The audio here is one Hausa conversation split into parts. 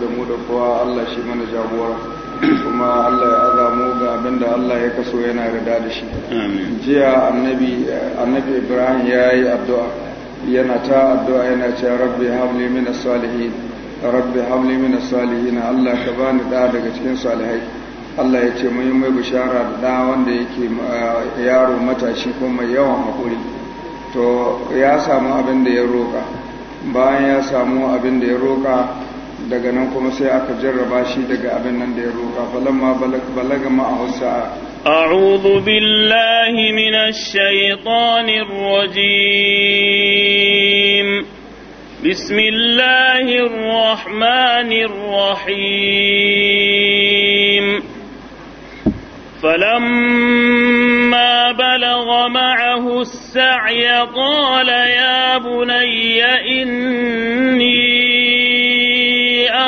da mu da kowa Allah shi mana jagora kuma Allah ya aza mu ga abin da Allah ya kaso yana rida da shi jiya annabi Ibrahim ya yi addu'a yana ta addu'a yana ce rabbi hamli min as-salihin rabbi hamli min salihin Allah ka bani da daga cikin salihai Allah ya ce mai yi mai bishara da da wanda yake eh, yaro matashi ko mai yawan hakuri to ya samu abin da ya roka bayan ya samu abin da ya roka daga nan kuma sai aka jarraba shi daga abin nan da ya roƙa falamma balaga ma'ahu sa'a a'udhu billahi minash shaitanir rajim bismillahir rahmanir rahim فلما بلغ معه السعي قال يا بني إني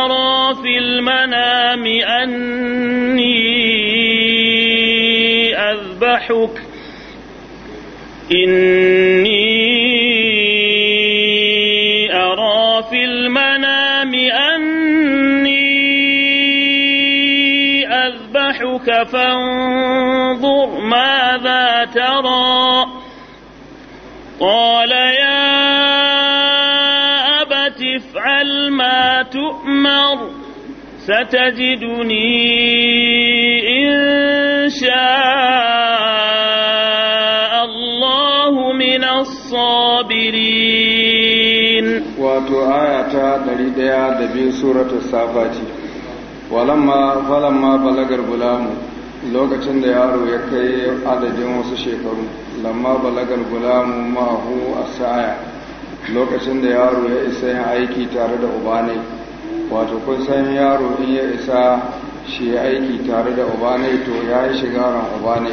أرى في المنام أني أذبحك إني أرى في المنام أني أذبحك فانظر ماذا ترى قال يا تؤمر ستجدني إن شاء الله من الصابرين واتو آية دريد دبي سورة الصافات ولما فلما بلغ الغلام lokacin da yaro ya kai adadin wasu shekaru lamma balagar gulamu ma'ahu a sa'aya lokacin da yaro ya isa yin aiki tare da uba ne wato kun san yaro in ya isa shi ya aiki tare da uba ne to ya yi shigaran uba ne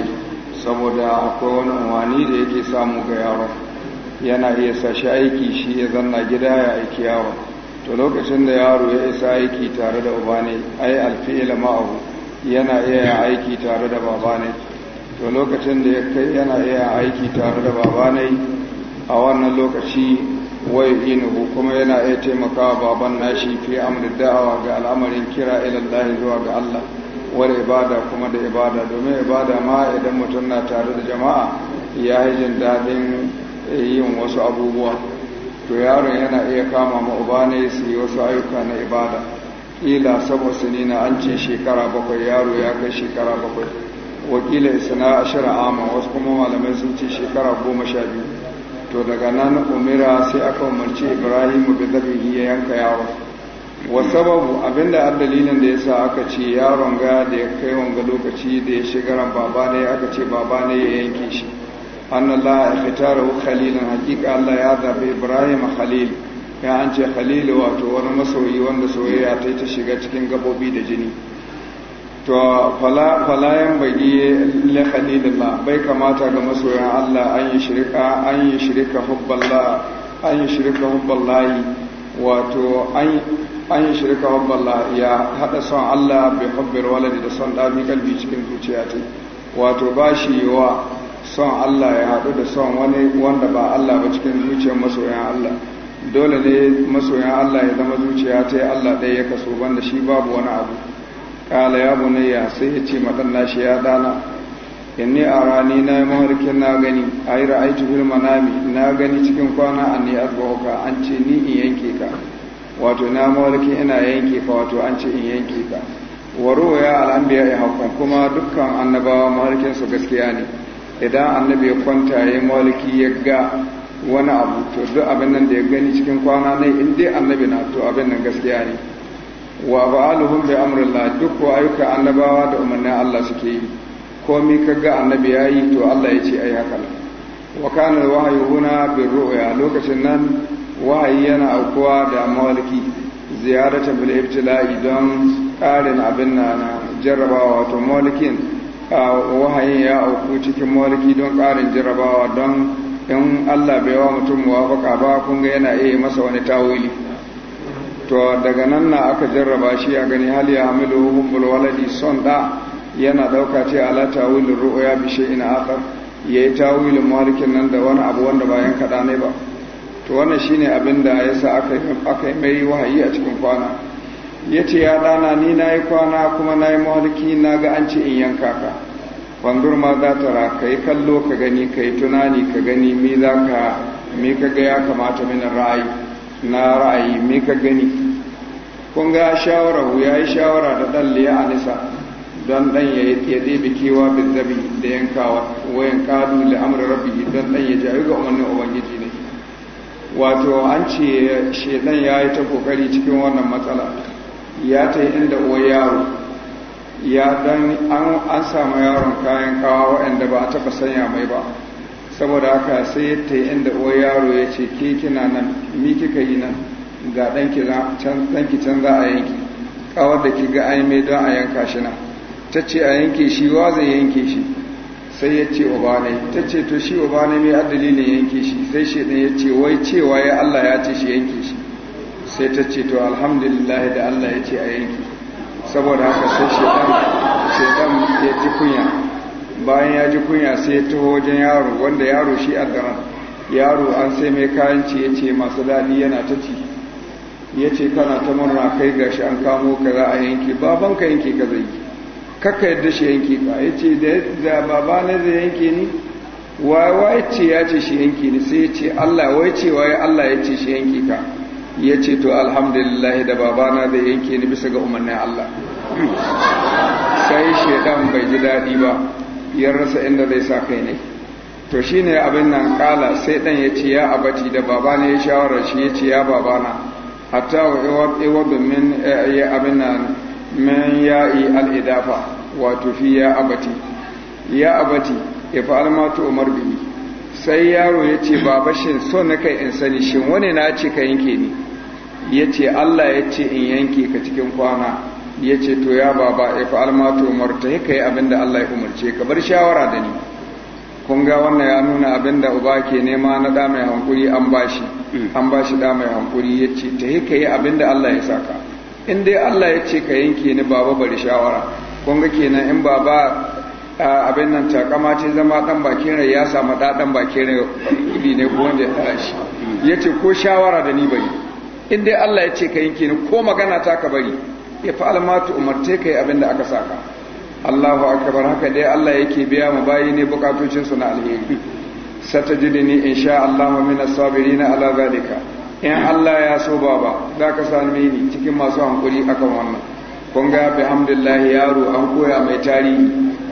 saboda akwai wani umarni da yake samu ga yaro yana iya sa shi aiki shi ya zanna gida ya aiki yawon to lokacin da yaro ya isa aiki tare da uba ne ai alfi'il ma'ahu yana iya yin aiki tare da baba ne to lokacin da ya kai yana iya aiki tare da baba ne a wannan lokaci wai inuhu kuma yana iya taimakawa baban nashi fi amri da'awa ga al'amarin kira ilallahi zuwa ga Allah wal ibada kuma da ibada domin ibada ma idan mutum na tare da jama'a ya yi jin daɗin yin wasu abubuwa to yaron yana iya kama ma uba ne su yi wasu ayyuka na ibada ila saba sinina an ce shekara bakwai yaro ya kai shekara bakwai wakila isna ashira ama wasu kuma malamai sun ce shekara goma sha biyu to daga nan umira sai aka umarci ibrahim bi zabihi ya yanka yaro wa sababu abinda har dalilin da yasa aka ce yaron ga da ya kai wanga lokaci da ya shigaran baba ne aka ce baba ne ya yanke shi annallah ya fitara khalilan hakika Allah ya zabi ibrahim khalil ya an ce khalil wato wani masoyi wanda soyayya ta ta shiga cikin gabobi da jini to fala falayan bagi la khalilillah bai kamata ga masoyan Allah an yi shirka an yi shirka hubballah an yi shirka hubballahi wato an yi shirka hubballah ya hada son Allah bai hubbar waladi da son da bi kalbi cikin zuciya ta wato ba shi wa son Allah ya hadu da son wani wanda ba Allah ba cikin zuciyar masoyan Allah dole ne masoyan Allah ya zama zuciya ta Allah ɗaya ya kaso banda shi babu wani abu kala ya bunayya sai ya ce madanna shi ya dana a arani na yi mawarkin na gani a yi ra'aitu bil manami na gani cikin kwana an ne arbahuka an ce ni in yanke ka wato na mawarkin ina yanke ka wato an ce in yanke ka waro ya al'ambiya ya hakan kuma dukkan annabawa mawarkin su gaskiya ne idan annabi ya kwanta ya yi mawarki ya ga wani abu to duk abin nan da ya gani cikin kwana ne in dai annabi na to abin nan gaskiya ne wa ba'aluhum bi Allah duk ko ayyuka annabawa da umarnin Allah suke yi komi kaga annabi yayi to Allah ya ce ai haka wa kana wahyu huna ru'ya lokacin nan wahayi yana aukuwa da mawalki ziyaratan bil ibtila'i don karin abin nan jarrabawa to mawalkin wahayin ya auku cikin mawalki don karin jarrabawa don in Allah bai wa mutum muwafaka ba kun ga yana iya masa wani tawili to daga nan na aka jarraba shi a gani hal ya hamilu hubbul waladi son da yana dauka ce ala tawilin ru'ya bi shay'in akhar yayi tawilin malikin nan da wani abu wanda bayan kada ne ba to wannan shine abin da yasa aka aka mai wahayi a cikin kwana yace ya dana ni nayi kwana kuma nayi maliki naga an ce in yanka ka bangur ma za ta ra kai kallo ka gani kai tunani ka gani mi za ka mi ga ya kamata min ra'ayi na ra'ayi me ka gani kun ga shawara ya yi shawara da ɗan liya a nisa don ɗan ya yi da kewa zabi da yankawa wayan kadu da amurin rabbi don ɗan ya jayu ga umarnin ubangiji ne wato an ce shedan ya yi ta kokari cikin wannan matsala ya ta yi inda uwa yaro ya dan an samu yaron kayan kawa waɗanda ba a taɓa sanya mai ba saboda haka sai ta yi inda uwar yaro ya ce ke kina nan mi kika yi nan ga ɗanki can za a yanki kawar da ki ga ai mai don a yanka shi nan ta ce a yanke shi wa zai yanke shi sai ya ce uba ne ta ce to shi uba ne mai adali ne yanke shi sai shi ya ce wai cewa ya Allah ya ce shi yanke shi sai ta ce to alhamdulillah da Allah ya ce a yanke saboda haka sai shi ɗan ya ji kunya bayan ya ji kunya sai ya taho wajen yaro wanda yaro shi daren yaro an sai mai kayan ci ya ce masu daɗi yana ta ci ya ce kana ta murna kai gashi an kamo ka za a yanke baban ka yanke ka zai kakka yadda shi yanke ka ya ce da baba na zai yanke ni wai ce ya ce shi yanke ni sai ya ce allah wai ce wai allah ya ce shi yanke ka ya ce to alhamdulillah da baba na zai yanke ni bisa ga umarnin allah sai shaidan bai ji daɗi ba ya rasa inda zai sa kai ne to shi ne abin nan kala sai dan ya ce ya abaci da baba ne ya shawara shi ya ce ya baba na hatta wa iwa min eh, ya abin nan min ya yi al'idafa wato fi ya abati ya abati ifa'al ma umar bihi sai yaro ya ce baba shin so na kai in sani shin wani na ce ka yanke ni ya ce Allah ya ce in yanke ka cikin kwana ya ce to ya baba ya fa almato umarta ya kai abinda Allah ya umarce ka bar shawara da ni kun ga wannan ya nuna abinda uba ke nema na da mai hankuri an bashi an bashi da mai hankuri ya ce ta ka yi abinda Allah ya saka in dai Allah ya ce ka yanke ni baba bari shawara kun ga kenan in baba abin nan takama ce zama dan bakin rai ya samu da dan bakin rai kudi ne ko wanda ya tara shi Ya ce ko shawara da ni bari in dai Allah ya ce ka yanke ni ko magana ta ka bari ya fa'al ma umarce ka kai abin da aka saka Allahu akabar haka dai Allah yake biya mu bayi ne bukatocin na alheri in sha Allah mina sabiri sabirin ala zalika in Allah ya so baba ka sami ni cikin masu hankuri akan wannan kun ga bihamdillah yaro an koya mai tarihi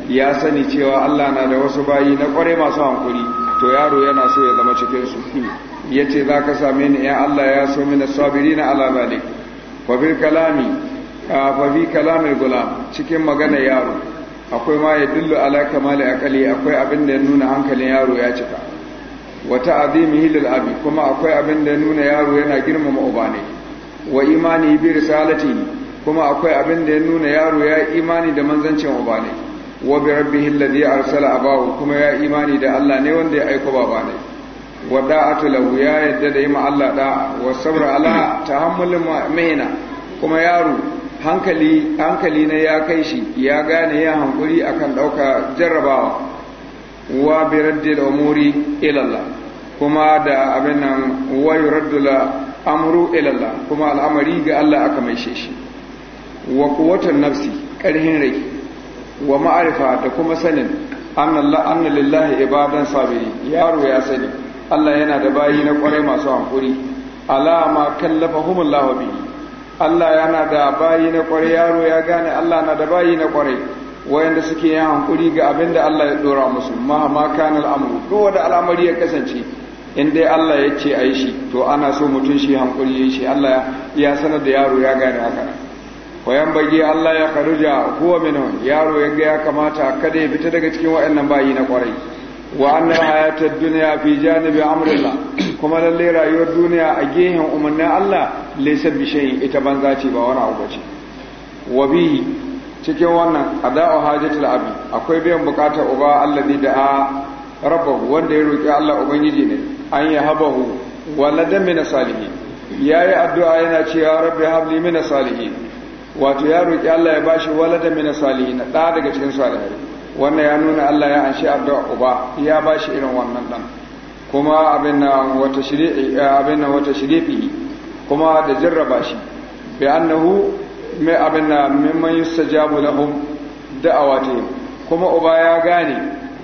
ya sani cewa Allah na da wasu bayi na kwarai masu hankuri to yaro yana so ya zama cikin su za ka same ni in Allah ya so mina sabiri sabirin ala zalika wa bil kalami fa kalamin gulam cikin magana yaro akwai ma ya dillo ala kamali akali akwai abin da ya nuna hankalin yaro ya cika wata azimi hilal abi kuma akwai abin da ya nuna yaro yana girmama uba ne wa imani bi risalati kuma akwai abin da ya nuna yaro ya imani da manzancin uba ne wa bi rabbihi alladhi arsala abahu kuma ya imani da Allah ne wanda ya aika baba ne wa da'atu lahu ya yadda da yi ma Allah da'a wa sabra ala tahammulin mahina kuma yaro hankali hankali na ya kai shi ya gane ya hankuri akan ɗauka jarrabawa wa bi raddil umuri ila Allah kuma da abin nan wa yuraddul amru ila Allah kuma al'amari ga Allah aka maishe shi wa quwwatan nafsi ƙarhin rai wa ma'arifa da kuma sanin anna lillahi ibadan sabiri yaro ya sani Allah yana da bayi na kwarai masu hankuri alama humullahu bihi Allah yana da bayi na kwarai yaro ya gane Allah na da bayi na kwarai wayanda suke yin hankuri ga abin da Allah ya dora musu ma ma al'amru duk wanda al'amari ya kasance in dai Allah ya ce a yi shi to ana so mutum shi hankuri ya shi Allah ya sanar da yaro ya gane haka wayan bage Allah ya kharuja huwa minhu yaro ya ga ya kamata kada ya fita daga cikin wayannan bayi na kwarai wa annal hayatad dunya fi janibi amrillah kuma lalle rayuwar duniya a gehen umarnin Allah laysa bi shay'in ita banza ce ba wani abu ce wa bi cikin wannan ada'u hajatul abi akwai biyan bukatar uba Allah ne da rabbahu wanda ya roki Allah ubangiji ne an ya habahu waladan min salihin yayi addu'a yana cewa rabbi habli min salihin wato ya roki Allah ya bashi waladan min salihin da daga cikin salihai wannan ya nuna Allah ya anshi addu'a uba ya ba shi irin wannan dan kuma abin na wata shiri'i eh, abin na wata shiri'i kuma da jarraba shi bi annahu mai abin na mimman yustajabu lahum da'awati kuma uba ya gane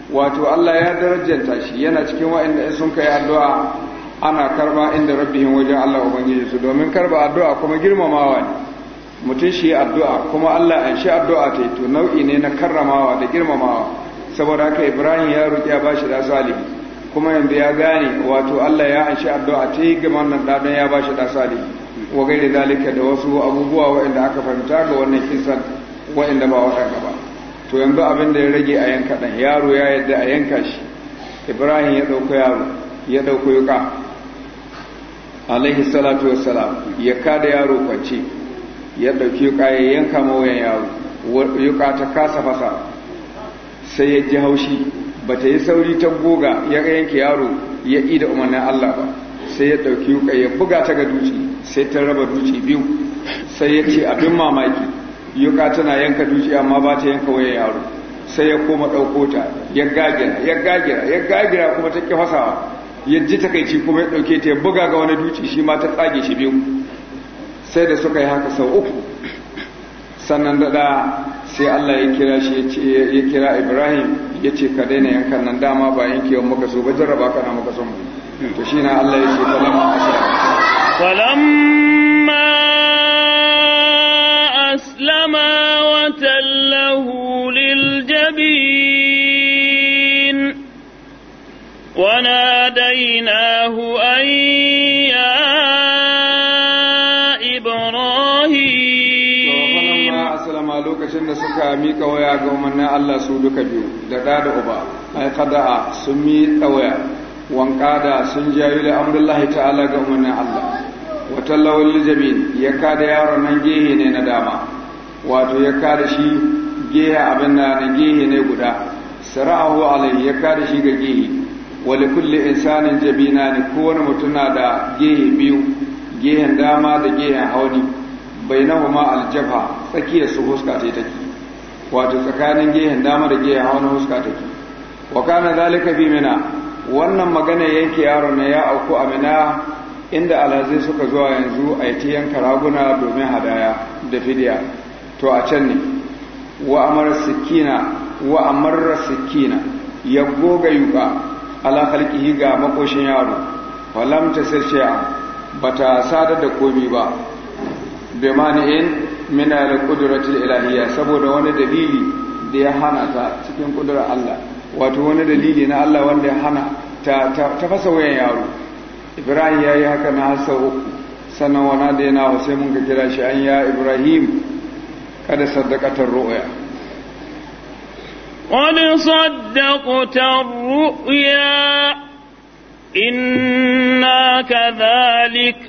wato Allah ya darajanta shi yana cikin wa'anda in sun kai addu'a ana karba inda rabbihin wajen Allah ubangiji su domin karba addu'a kuma girmamawa ne mutum shi addu'a kuma Allah an shi addu'a ta to nau'i ne na karramawa da girmamawa saboda haka Ibrahim ya roƙi ya bashi da salihu kuma yanzu ya gane wato Allah ya an shi addu'a ta yi ga wannan da ya bashi da salihu wa gaire zalika da wasu abubuwa waɗanda aka fahimta ga wannan kisan waɗanda ba waɗanda ba to yanzu abin da ya rage a yanka ɗan yaro ya yadda a yanka shi Ibrahim ya ɗauko yaro ya ɗauko yuka alaihi salatu wassalam ya kada yaro kwance ya ɗauki yuka ya yanka mawayan yaro yuka ta kasa fasa sai ya ji haushi ba ta yi sauri ta goga ya yanke yaro ya yi da umarnin Allah ba sai ya ɗauki yuka ya buga ta ga duci sai ta raba duci biyu sai ya ce abin mamaki yuka tana yanka duci amma ba ta yanka wayan yaro sai ya koma ɗauko ta ya gagira ya gagira ya gagira kuma ta ƙi fasawa ya ji takaici kuma ya ɗauke ta ya buga ga wani duci shi ma ta tsage shi biyu sai da suka yi haka sau uku sannan da sai Allah ya kira shi ya kira Ibrahim ya ce ka daina yankan nan dama ba yankewan muka so ba jarraba kana muka so to shi na Allah ya ce falamma falamma aslama wa tallahu lil jabin wa nadainahu an ya lokacin da suka miƙa waya ga umarnin Allah su duka biyu da da da uba ai kada sun miƙa waya wanka da sun jayu da amrullahi ta'ala ga umarnin Allah wa lawal jamin ya kada yaron nan gehe ne na dama wato ya kada shi gehe abin da na gehe ne guda sara'ahu alai ya kada shi ga gehe li kulli insanin jabina ne kowane mutum na da gehe biyu gehen dama da gehen hauni bainahuma aljaba. tsakiyar su huska ta take wato tsakanin gehen dama da gehen hawa na huska take wa kana zalika bi mina wannan magana yanke yaro na ya auku a mina inda alhazai suka zuwa yanzu a yi yanka raguna domin hadaya da fidiya to a can ne wa amara sikina wa amara sikina ya goga yuka ala halkihi ga makoshin yaro falam ta ba bata sadar da komi ba bi in. mina da kudurar ilahiyya saboda wani dalili da ya hana ta cikin kudurar Allah wato wani dalili na Allah wanda ya hana ta fasa wayan yaro Ibrahim ya yi haka na hasa uku sannan wana da yana sai mun ka kira shi an ya Ibrahim kada saddaqatar ru'ya قد صدقت الرؤيا إنا كذلك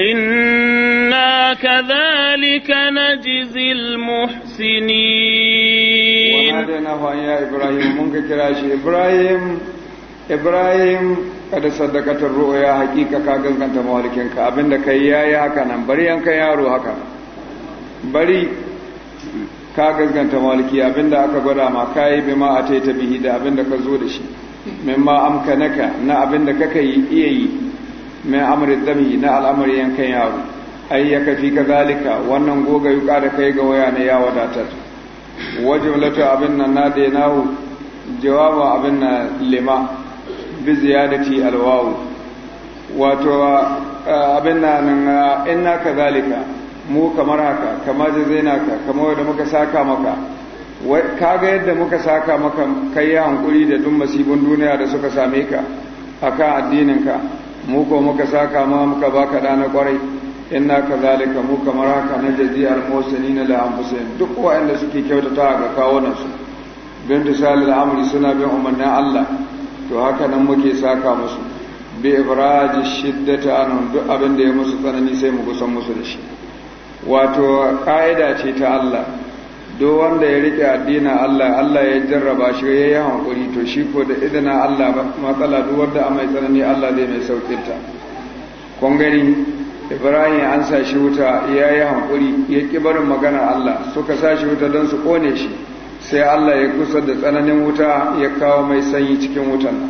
إنا كذلك نجزي المحسنين وناديناه يا إبراهيم منك كراشي إبراهيم إبراهيم قد صدقت ru'ya حقيقة ka gaskanta mawalikinka abinda kai يا haka nan bari yanka yaro haka bari ka gaskanta mawaliki abinda aka gwada ma kai bima ataita bihi da abinda ka zo da shi mimma amkanaka na abinda kaka yi iya yi min amri dami na al'amari yankan yaro ai ya kafi ka zalika wannan goga yuka da kai ga waya ne ya wadatar wajen latu abin nan na da nahu jawaba abin na lima bi ziyadati alwawu wato abin nan inna ka zalika mu kamar haka kama jazaina ka kamar wadda muka saka maka kaga yadda muka saka maka kai ya hankuli da duk masibin duniya da suka same ka akan addininka mu ko muka saka ma muka baka da na kwarai inna kazalika mu kamar haka na al musulmin la anfusin duk waɗanda suke kyautata ga kawunan su bin tisalil amri suna bin umarnin Allah to haka nan muke saka musu bi ibraj shiddati anhum duk abinda da ya musu tsanani sai mu gusan musu da shi wato ka'ida ce ta Allah duk wanda ya rike addinin Allah Allah ya jarraba shi ya yi hankuri to shi ko da izinin Allah matsala duk wanda a mai tsanani Allah zai mai ta kun gani Ibrahim an sa shi wuta ya yi hankuri ya ƙi barin magana Allah suka sa shi wuta don su kone shi sai Allah ya kusa da tsananin wuta ya kawo mai sanyi cikin wutan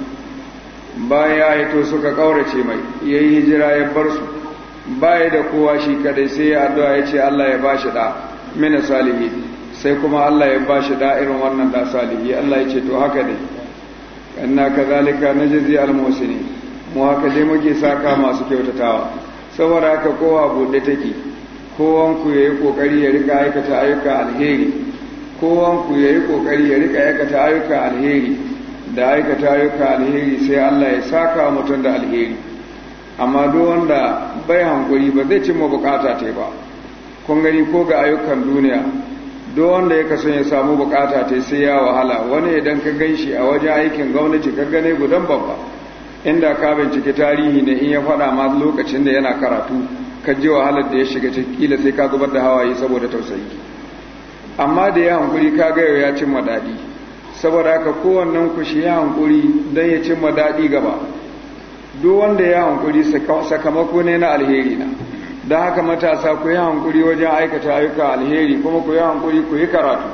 bayan ya to suka ƙaurace mai ya yi hijira ya bar su baya da kowa shi kadai sai ya addu'a ya ce Allah ya bashi shi da mina salihin sai kuma Allah ya ba shi da'irin wannan da salihi Allah ya ce to haka dai anna kazalika najzi almusini mu haka dai muke saka masu kyautatawa saboda haka kowa bude take kowan ku yayi kokari ya rika aikata ayyuka alheri kowan ku yayi kokari ya rika aikata ayyuka alheri da aikata ayyuka alheri sai Allah ya saka mutum da alheri amma duk wanda bai hankuri ba zai cimma bukata ta ba kun gani ko ga ayyukan duniya duk wanda ya kasance ya samu bukata ta sai ya wahala wani idan ka gan shi a wajen aikin gwamnati ka gane gudan babba inda ka bincike tarihi ne in ya faɗa ma lokacin da yana karatu ka ji wahalar da ya shiga kila sai ka zubar da hawaye saboda tausayi amma da ya hankuri ka ga ya cimma daɗi saboda haka kowannen ku shi ya hankuri dan ya cimma daɗi gaba duk wanda ya hankuri sakamako ne na alheri na da haka matasa ku yi hankuri wajen aikata ayyuka alheri kuma ku yi hankuri ku yi karatu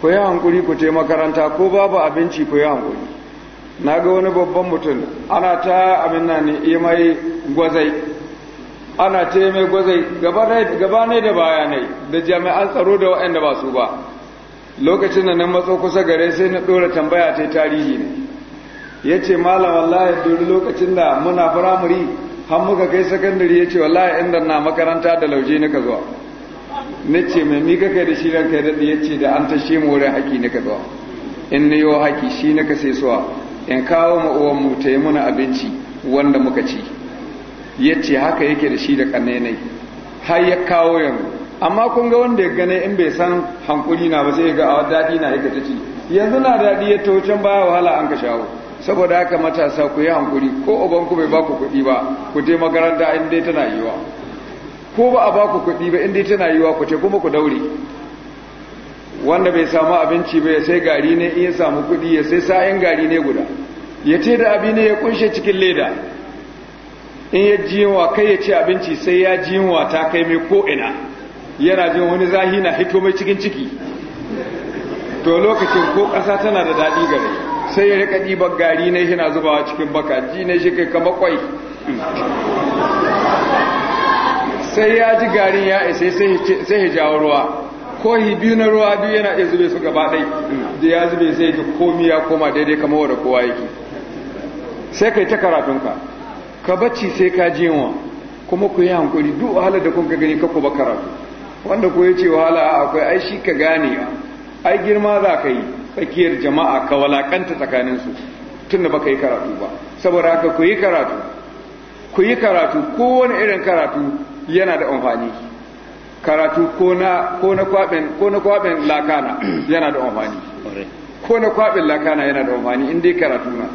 ku yi hankuri ku ce makaranta ko babu abinci ku yi hankuri na ga wani babban mutum ana ta abin nan yi mai gwazai ana ta yi gwazai gaba ne da bayanai da jami'an tsaro da waɗanda ba su ba lokacin da na matso kusa gare sai na ɗora tambaya ta tarihi ne ya ce malam wallahi lokacin da muna firamare har muka kai sakandare ya ce wallahi inda na makaranta da lauje nika zuwa na ce mai mika kai da shi ranka ya daɗe ya ce da an tashe mu wurin haƙi nika zuwa in na yi wa haƙi shi nika sai suwa in kawo ma uwan mu ta yi muna abinci wanda muka ci ya ce haka yake da shi da ƙannenai har ya kawo yanzu amma kun ga wanda ya gane in bai san hankuli na ba sai ga a daɗi na yake ta ci yanzu na daɗi ya ta baya wahala an ka shawo saboda haka matasa ku yi hankuri ko ubanku bai baku kuɗi ba ku je makaranta in dai tana yiwa ko ba a baku kuɗi ba in dai tana yiwa ku ce kuma ku daure wanda bai samu abinci ba ya sai gari ne in ya samu kuɗi ya sai sa'in gari ne guda ya ce da abin ne ya kunshe cikin leda in ya ji yunwa kai ya ce abinci sai ya ji yunwa ta kai mai ko'ina yana jin wani zahi na hito mai cikin ciki to lokacin ko ƙasa tana da daɗi gare sai ya rika ɗiban gari ne yana zubawa cikin baka ji na shi kai kama kwai sai ya ji garin ya isa sai ya jawo ruwa ko yi biyu na ruwa biyu yana iya zube su gaba ɗai da ya zube sai ya komi ya koma daidai kama wadda kowa yake sai kai ta karatunka ka bacci sai ka ji yunwa kuma ku yi hankuri duk wahalar da kun ka gani ka kuma karatu wanda ku ya ce wahala akwai ai shi ka gane ai girma za ka yi tsakiyar jama'a ka walakanta tsakaninsu tunda baka yi karatu ba saboda haka ku yi karatu ku yi karatu kowane irin karatu yana da amfani karatu ko na kwaɓin lakana yana da amfani ko na kwaɓin lakana yana da amfani in dai karatu na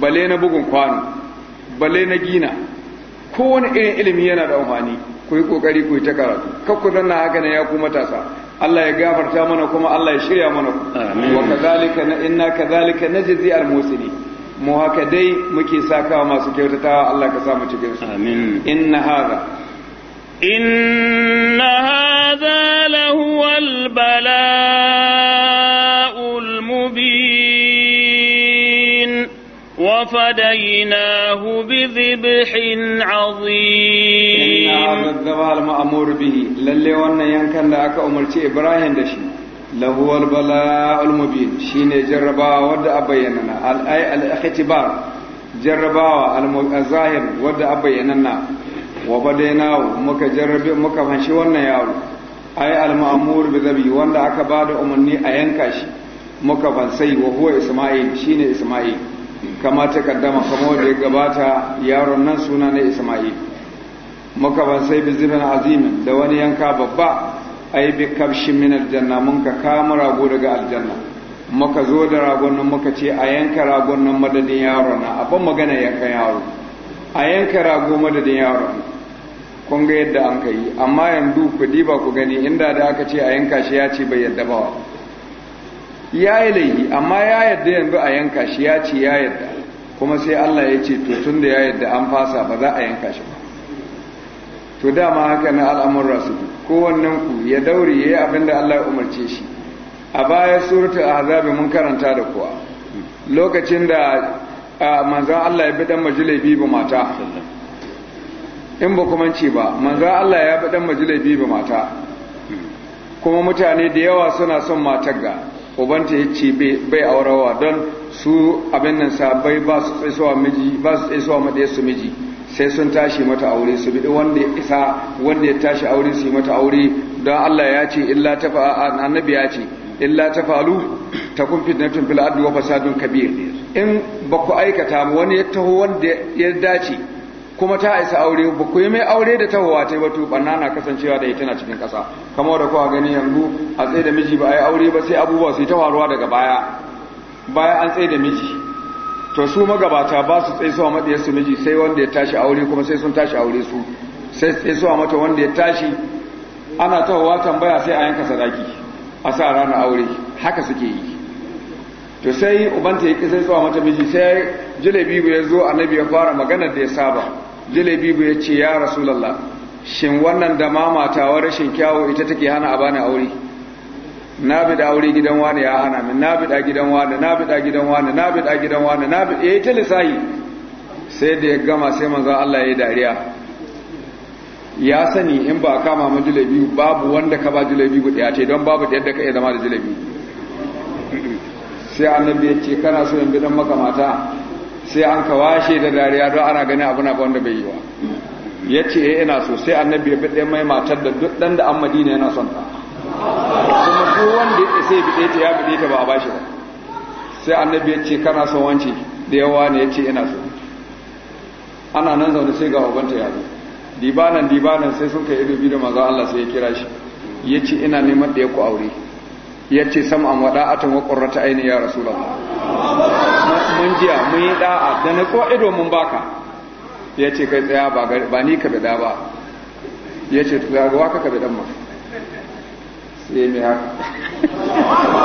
bale na bugun kwano bale na gina kowane irin ilimi yana da amfani ku yi ƙoƙari ku yi ta karatu kakkudan na haka ne ya ku matasa Allah ya gafarta mana kuma Allah ya shirya mana wa kadhalika na inna kadhalika najzi al musini mu haka dai muke sakawa masu kyautatawa Allah ka sa mu cikin su amin inna hadha inna hadha lahu al bala وفديناه بذبح عظيم إن هذا الذبح المأمور به للي وانا ينكن لأك أمرت إبراهيم دشي له البلاء المبين شين جربا ود أبيننا الأي الاختبار جربا الظاهر ود أبيننا وبديناه مك جرب مك فنشي وانا يارو أي المأمور بذبي وانا أكباد أمني أينكاش مك فنسي وهو إسماعيل شين إسماعيل kama ta kaddama kama wanda ya gabata yaron nan suna na isma'il muka ban sai bi zibin azimin da wani yanka babba ai bi kabshin min aljanna mun ka kama rago daga aljanna muka zo da ragon nan muka ce a yanka ragon nan madadin yaron nan abin magana yanka yaro a yanka rago madadin yaron kun ga yadda an ka yi amma yanzu ku diba ku gani inda da aka ce a yanka shi ya ce bai yadda ba ya yi laifi amma ya yadda yanzu a yanka shi ya ce ya yadda kuma sai Allah ya ce to tun da ya yadda an fasa ba za a yanka shi ba to dama haka na al'amurra su kowannen ku ya daure ya yi abin da Allah ya umarce shi a baya surutu a hazabi mun karanta da kuwa lokacin da manzan Allah ya bi dan biyu ba mata in ba kuma ce ba manzan Allah ya bi dan biyu ba mata kuma mutane da yawa suna son matar ga ubanta ya ce bai aurawa don su abin nan sabai ba su tsaisowa miji ba su tsaisowa maɗaya su miji sai sun tashi mata aure su biɗi wanda ya isa wanda ya tashi aure su yi mata aure don Allah ya ce illa ta annabi ya ce illa ta falu ta kun fitnatun fil ardi wa fasadun kabir in ba ku aikata wani ya taho wanda ya dace kuma ta isa aure ba ku yi mai aure da tahowa ta yi wato banna na kasancewa da ita na cikin ƙasa kamar da kowa gani yanzu a tsaye da miji ba a yi aure ba sai abubuwa su yi ta faruwa daga baya bayan an tsaye da miji to su magabata ba su tsaye suwa maɗiyar su miji sai wanda ya tashi aure kuma sai sun tashi aure su sai tsaye suwa mata wanda ya tashi ana tahowa tambaya sai a yanka sadaki a sa ranar aure haka suke yi to sai ubanta ya ƙi sai tsawa mata miji sai jilabi ya zo annabi ya fara maganar da ya saba Jalabibu ya ce ya rasulallah shin wannan da mamatawa rashin kyawo ita take hana a bani aure na bida aure gidan wani ya hana min na bida gidan wani na bida gidan wani na bida gidan wani na bida ya yi ta lissahi sai da ya gama sai manzan Allah ya yi dariya ya sani in ba kama mu jalabibu babu wanda ka ba jalabibu guda ce don babu da yadda ka iya zama da julabi sai annabi ya ce kana so in bidan maka mata sai an ka washe da dariya don ana gani abu na wanda bai yi wa ya ce ya eh, ina so sai annabi ya biɗe mai matar da duk dan da an madina yana son ta kuma ko wanda ya sai biɗe ta ya biɗe ta ba a bashi ba sai annabi ya ce kana son wance da yawa ne ya ce ina so ana nan zaune sai ga ubanta ya zo dibanan dibanan sai sun kai ido biyu da maza Allah sai ya kira shi ya ce ina neman da ya ku aure ya ce sam an wada atan wa qurrata aini ya rasulullah mun jiya mun yi da'a da na ko ido mun baka ya ce kai tsaya ba ni ka bida ba ya ce tugawa ka ka bidan ma sai mai haka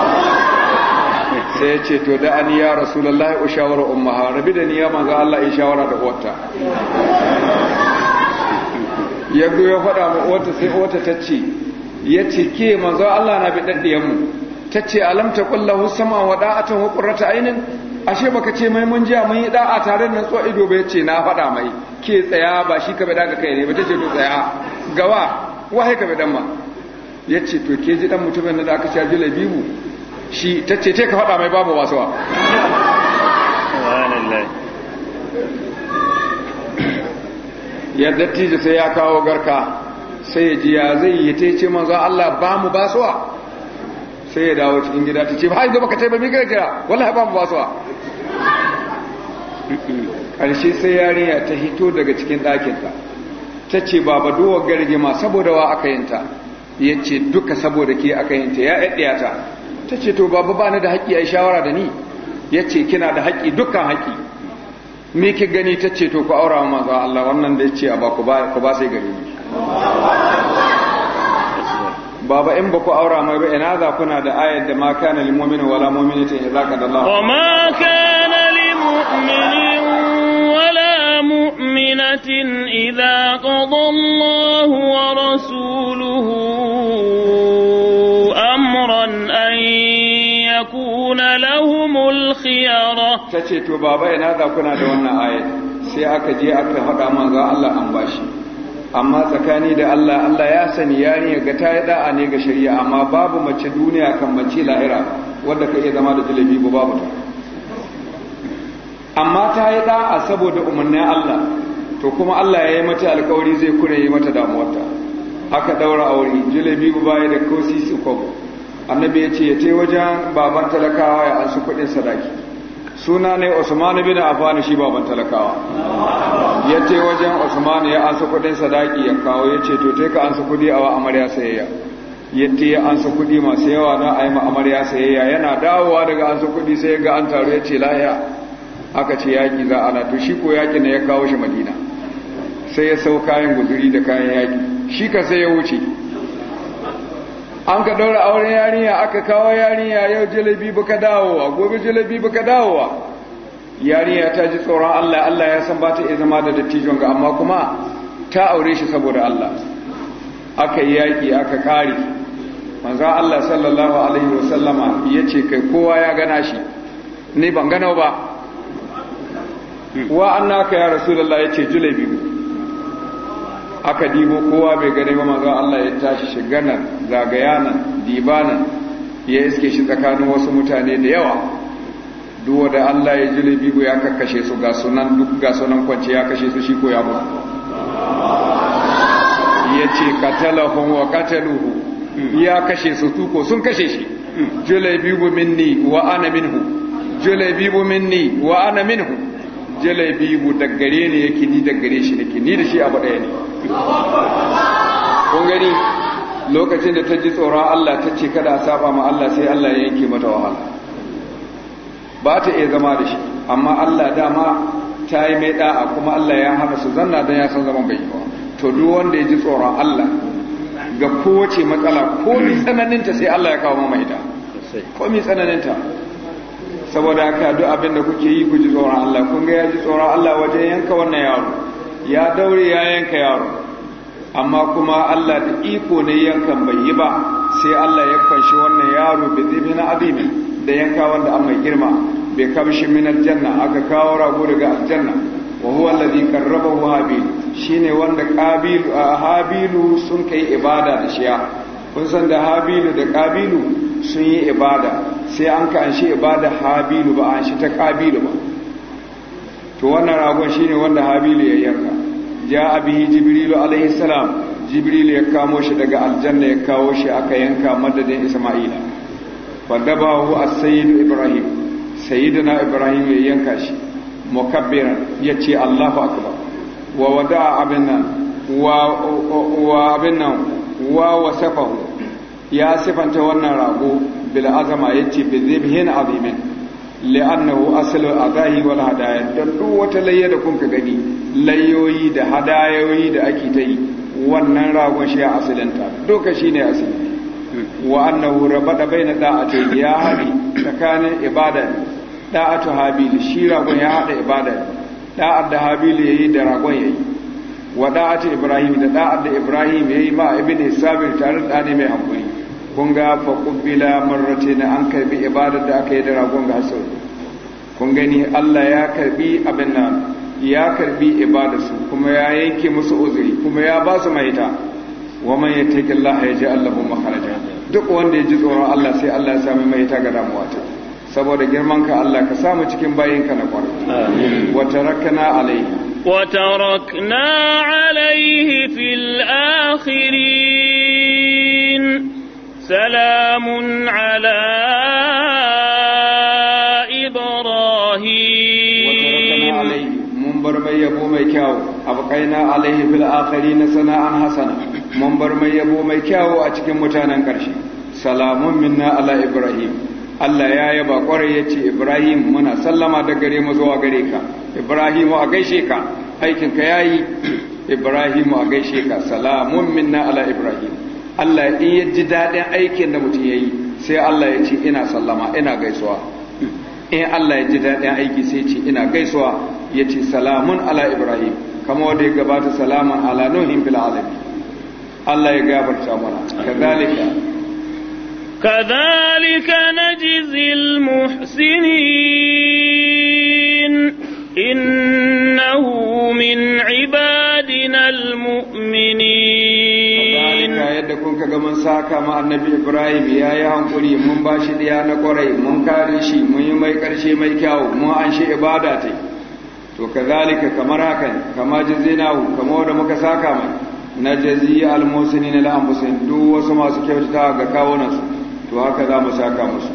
sai ya ce to da an ya rasulallah ya shawara ha rabi da ni ya manzo Allah ya shawara da uwarta ya go ya fada ma uwarta sai uwarta ta ce ya ce ke manzo Allah na bi daddiyan mu ta ce alam ta kullahu sama wa da'atan wa qurrata ainin ashe baka ce mai mun jiya mun yi da'a tare da so ido bai ce na faɗa mai ke tsaya ba shi ka bai daga kai ne ba ta ce to tsaya gawa wahai ka dan ma ya ce to ke ji dan mutumin da aka ce ajila bibu shi ta ce ka faɗa mai babu wasuwa yadda ji sai ya kawo garka sai ya ji ya zai yi ta ce manzo Allah ba mu basuwa sai ya dawo cikin gida ta ce ba haizu baka taiba mi kira kira wallahi ba mu basuwa ƙarshe sai yarinya ta hito daga cikin ɗakinta ta ce baba garge ma saboda wa aka yinta ya ce duka saboda ke aka yinta ya ɗaɗɗaya ta ta ce to baba ba da haƙƙi a yi shawara da ni ya ce kina da haƙƙi dukkan haƙƙi me ki gani ta ce to ku aura wa manzo Allah wannan da ya ce a ba ku ba sai gari ne baba in ba ku aura mai ba ina za kuna da ayar da ma kana lil mu'mini wala mu'minatin idza qadallahu wa ma kana lil mu'mini wala mu'minatin idza qadallahu wa rasuluhu amran an yakuna lahumul khiyara tace to baba ina za kuna da wannan ayar sai aka je aka hada manzo Allah an bashi amma tsakani da Allah Allah ya sani yarinya ga ta yi da'a ne ga shari'a amma babu mace duniya kan mace lahira wadda ka iya zama da jilabi ba babu ta amma ta yi da'a saboda umarnin Allah to kuma Allah ya yi mata alkawari zai kure yi mata damuwarta haka daura aure jilabi ba ya da ko su kwabo annabi ya ce ya te wajen baban talakawa ya ansu kuɗin sadaki suna ne Usman bin Affan shi baban talakawa ya ce wajen usman ya ansa kudin sadaki ya kawo ya ce to te ka ansa kudi a wa amarya sayayya ya te ya ansa kudi masu yawa na a yi ma amarya sayayya yana dawowa daga ansa kudi sai ga an taru ya ce laya aka ce yaki za ana to shi ko yaki ne ya kawo shi madina sai ya sau kayan guzuri da kayan yaki shi ka sai ya wuce an ka daura auren yarinya aka kawo yarinya yau jalabi baka dawowa gobe jalabi baka dawowa yariya ta ji tsoron Allah Allah ya san ba ta iya zama da dattijon ga amma kuma ta aure shi saboda Allah aka yi yaƙi aka kare manzo Allah sallallahu alaihi wasallama ya ce kai kowa ya gana shi ni ban gano ba wa an naka ya rasulallah ya ce jule aka dibo kowa bai gane ba manzo Allah ya tashi shiganan zagayanan dibanan ya iske shi tsakanin wasu mutane da yawa duk wanda Allah ya jire bigo ya kakkashe su ga sunan duk ga sunan kwance ya kashe su shi ko ya mutu yace qatalahum wa kataluhu hmm. ya kashe su ko sun kashe shi hmm. jalabibu minni wa ana minhu jalabibu minni wa ana minhu jalabibu daggare ne yake ni daggare shi nake ni da shi abu daya ne kun gani lokacin da ta ji tsoron Allah ta ce kada a saba ma Allah sai Allah ya yanke mata wahala ba ta iya zama da shi amma Allah dama ta yi mai da'a kuma Allah ya hana su zanna don ya san zaman bai yi ba to duk wanda ya ji tsoron Allah ga kowace matsala ko mi tsananinta sai Allah ya kawo mamaita ko mi tsananinta saboda haka duk abin da kuke yi ku ji tsoron Allah kun ga ya ji tsoron Allah wajen yanka wannan yaro ya daure ya yanka yaro amma kuma Allah da iko ne yankan bai yi ba sai Allah ya fanshi wannan yaro bi zibina azimi da yanka wanda an mai girma bai kamshi min aljanna aka kawo rago daga aljanna wa huwa alladhi qarrabahu habil shine wanda qabilu habilu sun kai ibada da shiya kun san da habilu da qabilu sun yi ibada sai an ka anshi ibada habilu ba an shi ta qabilu ba to wannan ragon shine wanda habilu ya yanka ja bihi jibrilu alaihi salam jibrilu ya kamo shi daga aljanna ya kawo shi aka yanka madadin isma'ila fadabahu as Sayyid ibrahim sayyidina ibrahim ya yanka shi mukabbiran yace allahu akbar wa wada'a abinna wa wa abinna wa wasafahu ya sifanta wannan rago bil azama yace bi zibhin azimin li'annahu aslu adahi wal hadaya dan duk wata layya da kun ka gani layoyi da hadayoyi da ake ta yi wannan ragon shi asalinta duka shine asali wa annahu rabada baina da'ati ya hadi tsakanin ibada da'atu habil shira ragon ya hada ibada da'ar da habil yayi da ragon yayi wa da'atu ibrahim da da'ar da ibrahim yayi ma ibn sabir tare da ne mai hankuri kun ga fa qubbila marratin an karbi ibadar da aka yi da ragon ga sau kun gani Allah ya karbi abin nan ya karbi ibadar su kuma ya yanke musu uzuri kuma ya ba su mahita wa man yattaki Allah yaj'al lahu makhraja duk wanda ya ji tsoron Allah sai Allah ya sami mai ta ga damuwa ta saboda girman ka Allah ka samu cikin ka na kwarai amin wa tarakna alayhi wa tarakna alayhi fil akhirin salamun ala ibrahim mun bar mai yabo mai kyau abqaina alayhi fil akhirin sana'an hasana mun bar mai yabo mai kyawo a cikin mutanen ƙarshe salamun minna ala ibrahim Allah ya yaba ƙwarai ya ce Ibrahim muna sallama da gare mu zuwa gare ka Ibrahim a gaishe ka aikin ka yi Ibrahim a gaishe ka salamun minna ala Ibrahim Allah in ya ji daɗin aikin da mutum ya yi sai Allah ya ce ina sallama ina gaisuwa in Allah ya ji daɗin aiki sai ce ina gaisuwa ya ce salamun ala Ibrahim kamar wanda ya gabata salamun ala nuhin bil alamin Allah ya gafarta mana kazalika na jizil muhsinin innahu min ibadina almu'minin yadda kun kaga mun saka ma annabi Ibrahim ya yi hankuri mun bashi diya na kwarai mun kare shi mun yi mai karshe mai kyawu mun an shi ibada ta to kazalika kamar haka kama jizinahu kamar wanda muka saka mai na jazi almusini na la'amfusin duk wasu masu kyautata ga kawunansu to haka za mu saka musu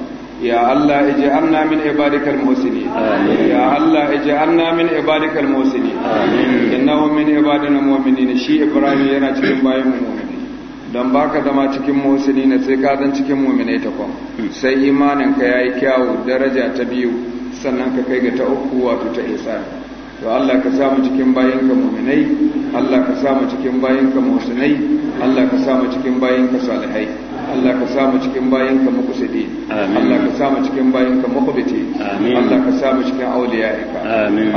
ya Allah ije anna min ibadikal musini ya Allah ije anna min ibadikal musini innahu min ibadina mu'minin shi Ibrahim yana cikin bayan don dan baka zama cikin musini na sai ka zan cikin mu'minai ta kwan sai imanin ka yayi kyawu daraja ta biyu sannan ka kai ga ta uku wato ta isa. to Allah ka samu cikin bayan ka muminai Allah ka samu cikin bayan ka musulmai Allah ka samu cikin bayan ka salihai Allah ka samu cikin bayan ka muqsidi Allah ka samu cikin bayan ka muqbiti Allah ka samu cikin auliyaika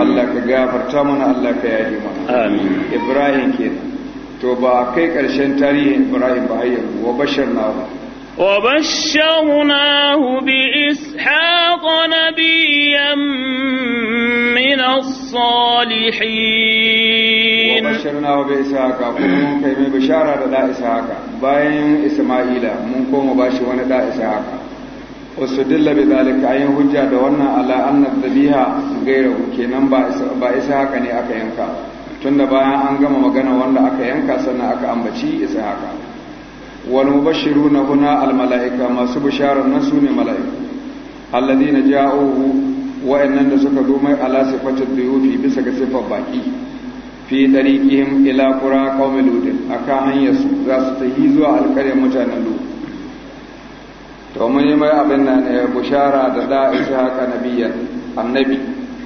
Allah ka gafarta mana Allah ka yaji mana Ibrahim kenan to ba kai karshen tarihin Ibrahim ba ayyan wa bashar basharnahu وبشرناه بإسحاق نبيا الصالحين وبشرناه بإسحاق كلهم كيمي بشارة دا إسحاق باين إسماعيل منكو مباشر وندى إسحاق واستدل بذلك أي حجة دوانا على أن الذبيحة غيره كينام با إسحاق ني أكا ينكا تند باين أنغم مغانا وانا أكا ينكا سنة أكا أمبتشي إسحاق والمبشرون هنا الملائكة ما سبشار النسون ملائكة الذين جاءوه wa'annan da suka zo mai ala sifatul duyufi bisa ga sifar baki fi tariqihim ila qura qaum lut aka hanyar su za su tafi zuwa alƙaryar mutanen lut to mun yi mai abin nan eh, bushara da isa haka nabiyyan annabi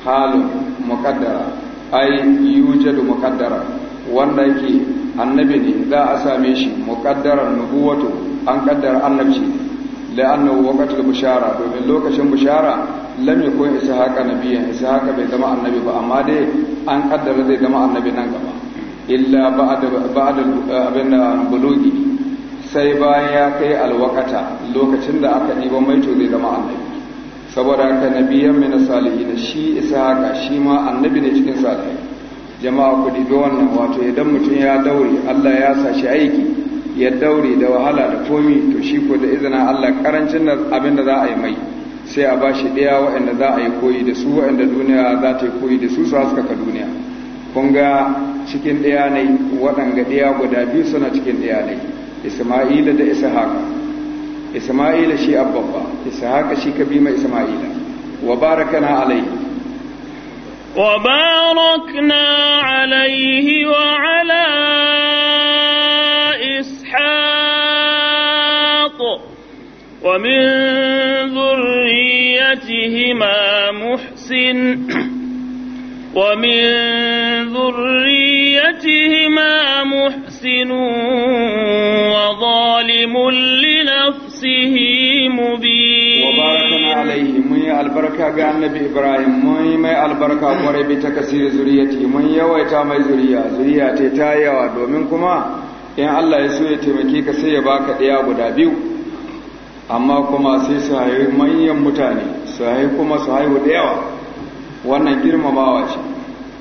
halu muqaddara ai yujadu muqaddara wanda yake annabi ne za a same shi muqaddaran nubuwatu an kaddara annabci la'annahu waqtul bushara domin lokacin bushara lam yakun ishaqa nabiyyan ishaqa bai zama annabi ba amma dai an kaddara zai zama annabi nan gaba illa ba'da ba'da abin sai bayan ya kai alwakata lokacin da aka diba maito zai zama annabi saboda haka nabiyyan min salihin shi ishaqa shi ma annabi ne cikin salihai jama'a kuɗi dibi wannan wato idan mutum ya daure Allah ya sa aiki ya daure da wahala da komi to shi ko da izinin Allah karancin abin da za a yi mai sai a ba shi ɗaya waɗanda za a yi koyi da su waɗanda duniya za ta yi koyi da su su haskaka duniya kun ga cikin ɗaya ne waɗanga ɗaya guda biyu suna cikin ɗaya ne isma'ila da ishaqa isma'ila shi abbabba ishaqa shi kabima isma'ila wa barakana alaihi wa ala ومن ذريتهما محسن ومن ذريتهما محسن وظالم لنفسه مبين وباركنا عليه من البركة النبي إبراهيم من ما البركة قريب بتكسير ذريته من يويتا ما ذريا ذريا تتايا ومنكما إن الله يسوي تمكيك سيباك ديا guda biyu amma kuma sai su haihu manyan mutane su haihu kuma su haihu da yawa wannan girmamawa ce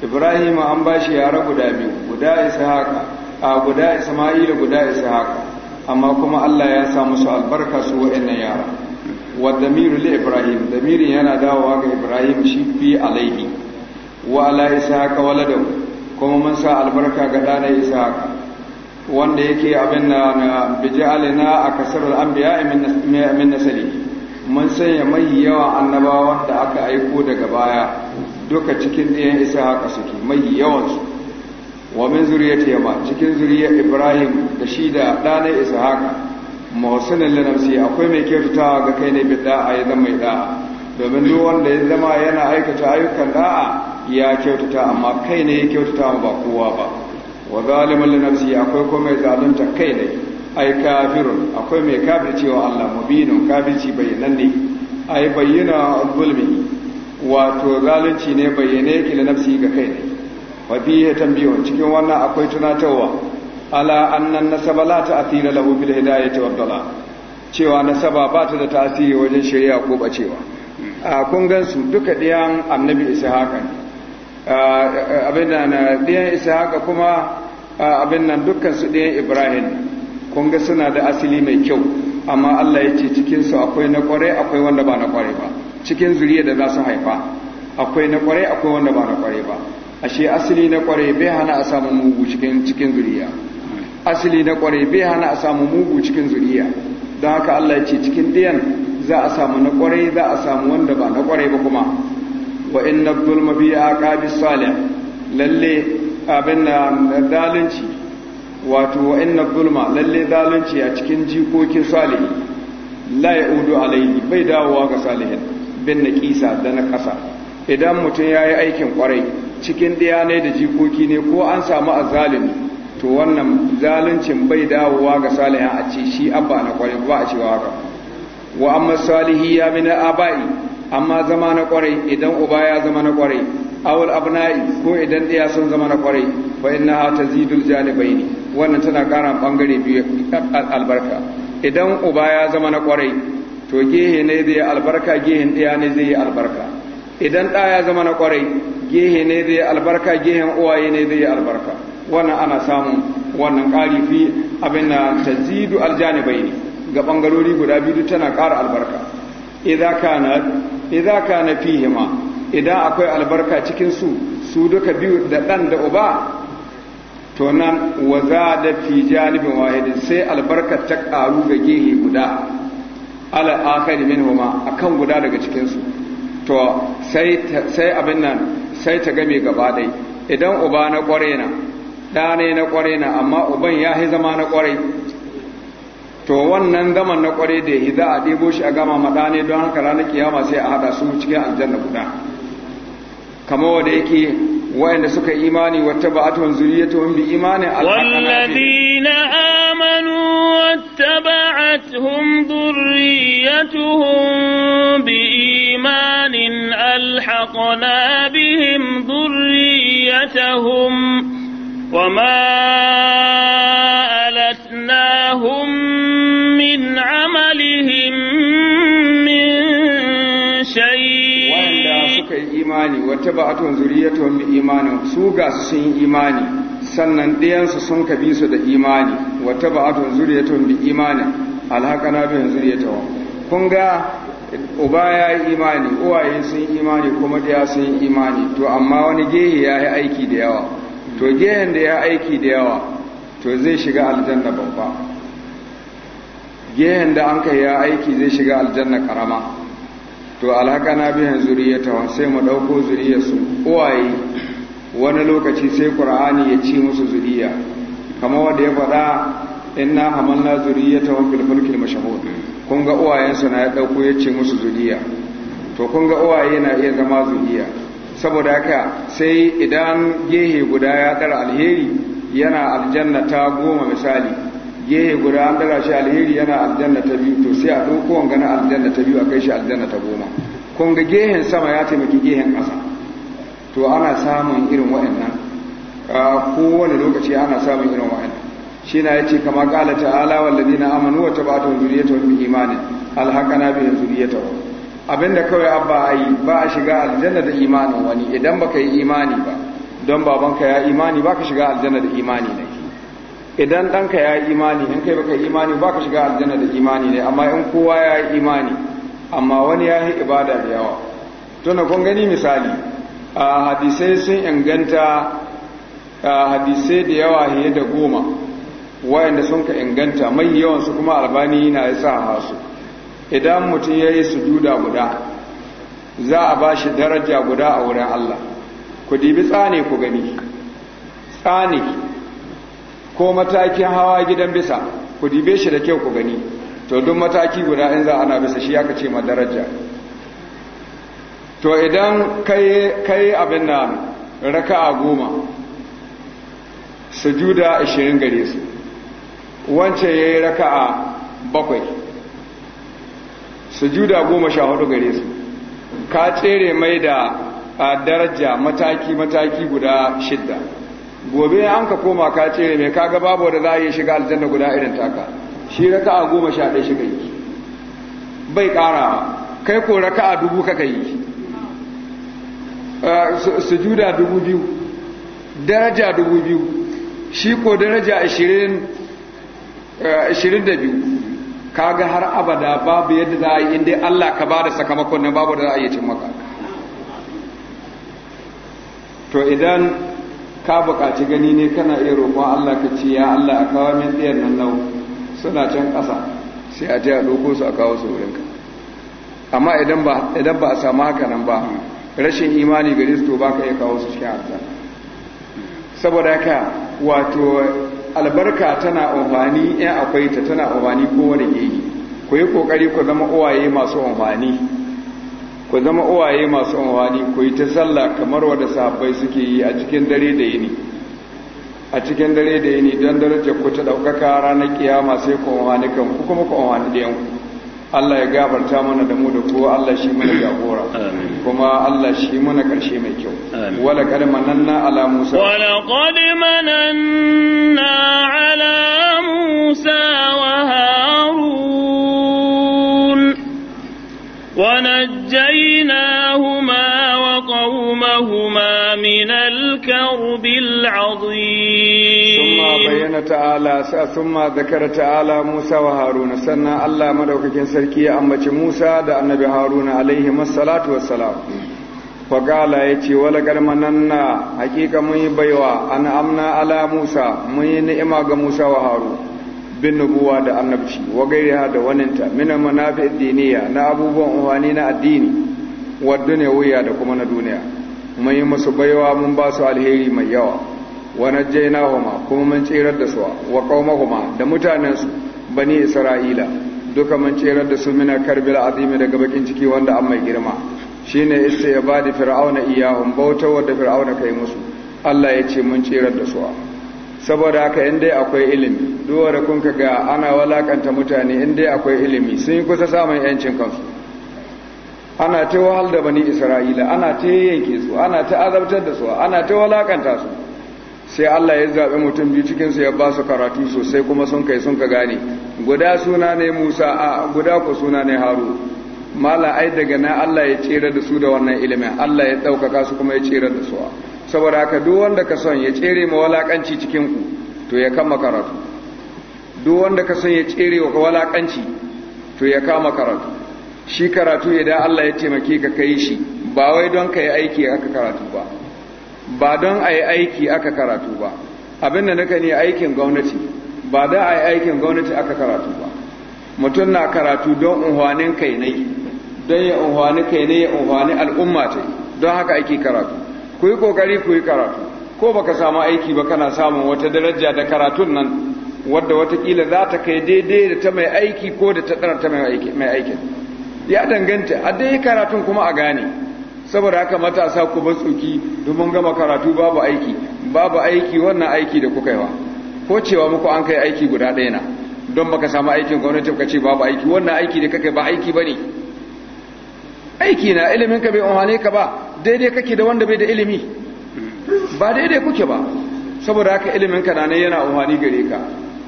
ibrahim an ba shi yara guda biyu guda isa haka a guda isma'ila guda isa haka amma kuma allah ya sa musu albarka su wa'annan yara wa damiru li ibrahim damirin yana dawowa ga ibrahim shi fi alaihi wa ala isa haka waladau kuma mun sa albarka ga ɗana isa haka wanda yake abin na Alina a kasar anbiya min nasari, mun sanya mai yawan annabawa da aka aiko daga baya duka cikin ɗayan isa haka suke mai yawansu wa min zuriyati yama cikin zuriya ibrahim da shi da ɗanai isa haka mawasanin linafsi akwai mai kyautatawa ga kai ne bi da'a ya zama mai da'a domin duk wanda ya zama yana aikata ayyukan ɗa'a ya kyautata amma kai ne ya kyautata ba kowa ba wa zalimin li akwai ko mai zalunta kai ne ai kafirun akwai mai kafircewa Allah mubinun kafirci ne. ai bayyana zulmi wato zalunci ne bayyane yake li ga kai ne wa fihi tanbihun cikin wannan akwai tunatarwa ala annan nasaba la ta'thira lahu bil hidayati wa dalal cewa nasaba ba ta da tasiri wajen shari'a ko bacewa a kun gansu duka ɗayan annabi isa haka ne Ah, abin nan ah, isa ishaqa kuma ah, abin nan dukkan su ibrahim kun ga suna da asali mai kyau amma Allah ya ce cikin su akwai na kwarai akwai wanda ba na kwarai ba cikin zuriya da za su haifa akwai na kwarai akwai wanda ba na kwarai ba ashe asali na kwarai bai hana a samu mugu cikin cikin zuriya asali na kwarai bai hana a samu mugu cikin zuriya don haka Allah ya ce cikin ɗiyan za a samu na kwarai za a samu wanda ba na kwarai ba kuma wa inna dhulma bi aqabi salih lalle abin da zalunci wato wa inna dhulma lalle zalunci a cikin jikokin salih la yaudu alayhi bai dawowa ga salihin bin naqisa da na kasa idan mutum yayi aikin kwarai cikin diya ne da jikoki ne ko an samu azzalimi to wannan zaluncin bai dawowa ga salihin a ce shi abba na kwarai ba a cewa haka wa amma salihi ya mina abai amma zama na kwarai idan uba ya zama na kwarai awul abna'i ko idan ɗaya sun zama na kwarai fa inna tazidul jalibaini wannan tana kara bangare biyu albarka idan uba ya zama na kwarai to gehe ne zai albarka gehen ɗaya ne zai albarka idan ɗaya ya zama na kwarai gehe ne zai albarka gehen uwaye ne zai albarka wannan ana samun wannan ƙari fi abin na tazidu aljanibaini ga bangarori guda biyu tana ƙara albarka idza kana fihima idan akwai albarka cikin su su duka biyu da dan da uba to nan wa za da fi janibin wahidin sai albarka ta karu ga gehe guda ala akhari minhuma akan guda daga cikin su to sai sai abin nan sai ta game gaba dai idan uba na kware na da na kware na amma uban ya hi zama na kware to wannan zaman na kware da yi za a ɗebo shi a gama maɗane don haka ranar kiyama sai a haɗa su cikin aljanna guda kama wanda yake wayanda suka imani wata ba atun zuriyatuhum bi imanin alladhina amanu wattaba'atuhum dhurriyyatuhum bi imanin alhaqna bihim dhurriyyatahum an amalihim min shay wanda suka yi imani wata atun zuriyatun bi imani su ga sun yi imani sannan ɗayansu sun kabi su da imani wata atun zuriyatun bi imani na bin zuriyatun kun ga uba ya yi imani uwaye sun yi imani kuma da sun yi imani to amma wani gehe ya yi aiki da yawa to gehen da ya aiki da yawa to zai shiga aljanna babba gehen da an kai ya aiki zai shiga aljanna karama to alhaka na biyan zuriyata sai mu ɗauko su uwaye wani lokaci sai ƙur'ani ya ci musu zuriya kamar wanda ya faɗa inna hamalna zuriyata wa fil fulkil mashhur kun ga uwayensu na ya ɗauko ya ce musu zuriya to kun ga uwaye na iya zama zuriya saboda haka sai idan gehe guda ya ɗara alheri yana aljanna ta goma misali gehe guda an daga shi alheri yana aljanna ta biyu to sai a ɗauko wanga na aljanna ta biyu a kai shi aljanna ta goma kun ga gehen sama ya taimaki gehen ƙasa to ana samun irin wa'annan a kowane lokaci ana samun irin wa'annan shi na yace kama kala ta'ala walladina amanu wa tabatun zuriyatuhum bi imanin alhaqana ta zuriyatuhum abinda kawai abba ayi ba a shiga aljanna da imanin wani idan baka yi imani ba don babanka ya imani baka shiga aljanna da imani ne idan ɗanka ya yi imani in kai baka yi imani ba ka shiga aljanna da imani ne amma in kowa ya yi imani amma wani ya yi ibada da yawa tuna kun gani misali a hadisai sun inganta hadisai da yawa fiye da goma wayanda sun ka inganta mai yawan su kuma albani na ya sa hasu idan mutum ya yi sujuda guda za a ba shi daraja guda a wurin Allah ku dibi tsane ku gani tsane ko matakin hawa gidan bisa ku dibe shi da kyau ku gani to duk mataki guda in za ana bisa shi aka ce madaraja to idan kai abin na raka'a goma sujuda 20 gare su wancan ya yi raka'a bakwai sujuda goma sha hudu gare su ka tsere mai da a daraja mataki-mataki guda shidda gobe an ka koma ka ce mai kaga babu da za a yi shiga aljanna guda irin taka shi raka a goma sha ɗaya shiga yi bai ƙara kai ko raka a dubu kaka yi ah, sujuda dubu biyu daraja dubu biyu shi ko daraja ashirin eh, da biyu kaga har abada babu yadda za a yi inda Allah ka ba da sakamakon nan babu da za a yi cin maka to idan ka buƙaci gani ne kana iya roƙon Allah ka ce ya Allah a kawo min ɗayan nan nau suna can ƙasa sai a a ɗauko su a kawo su wurinka amma idan ba a samu haka nan ba rashin imani gare su to ba ka iya kawo su cikin aljanna saboda haka wato albarka tana amfani in akwai ta tana amfani kowane gehe ku yi ƙoƙari ku zama uwaye masu amfani ku zama uwaye masu unwani ku yi ta sallah kamar wadda sahabbai suke yi a cikin dare da yini a cikin dare da yini don daraja ku ta ɗaukaka ranar kiyama sai ku unwani kan ku kuma ku unwani da yanku Allah ya gabarta mana da mu da ku Allah shi mana jagora kuma Allah shi mana karshe mai kyau wala qad mananna ala musa wala qad mananna ala musa من الكرب العظيم ثم بين تعالى ثم ذكر تعالى موسى وهارون سنة الله مدوكك سركي أمة موسى دع النبي هارون عليه الصلاة والسلام فقال يتي ولقد مننا حقيقة مي بيوا أن أمنا على موسى مي نئما موسى وهارون بالنبوة دا النبشي وغير هذا وننت من المنافع الدينية نا أبو بوان na addini wa duniya da kuma mun yi musu baiwa mun ba su alheri mai yawa wa najjaynahuma kuma mun tsirar da su wa qaumahuma da mutanensu bani isra'ila duka mun tsirar da su mina karbil azimi daga bakin ciki wanda an mai girma shine isa ya bada fir'auna iyahum wa wadda fir'auna kai musu Allah ya ce mun tsirar da su saboda haka in dai akwai ilimi duwa kun ga ana walakanta mutane in dai akwai ilimi sun yi kusa samun yancin kansu ana ta wahal da bani isra'ila ana ta yanke su ana ta azabtar da su ana ta walakanta su sai Allah ya zaɓi mutum biyu cikin su ya ba su karatu sosai kuma sun kai sun ka gane guda suna ne Musa a guda ku suna ne Haru mala ai daga na Allah ya tsere da su da wannan ilimin Allah ya daukaka su kuma ya tsere da su saboda haka duk wanda ka son ya tsere ma walakanci cikin ku to ya kama karatu duk wanda ka son ya tsere wa walakanci to ya kama karatu shi karatu idan Allah ya taimake ka kai shi ba wai don ka yi aiki aka karatu ba ba don a yi aiki aka karatu ba abinda naka ne aikin gwamnati ba da a yi aikin gwamnati aka karatu ba mutum na karatu don unhwanin kai ne don ya unhwani kai ne ya unhwani al'umma ta don haka ake karatu ku yi kokari ku yi karatu ko baka samu aiki ba kana samun wata daraja da karatun nan wadda watakila za ta kai daidai da ta mai aiki ko da ta tsara ta mai aikin ya danganta a dai karatun kuma a gane saboda haka matasa ku ba tsoki domin gama karatu babu aiki babu aiki wannan aiki da kuka yawa ko cewa muku an kai aiki guda ɗaya na don baka samu aikin gwamnati ka ce babu aiki wannan aiki da kake ba aiki bane aiki na ilimin ka bai umarne ka ba daidai kake da wanda bai da ilimi ba daidai kuke ba saboda haka ilimin ka nan yana umarni gare ka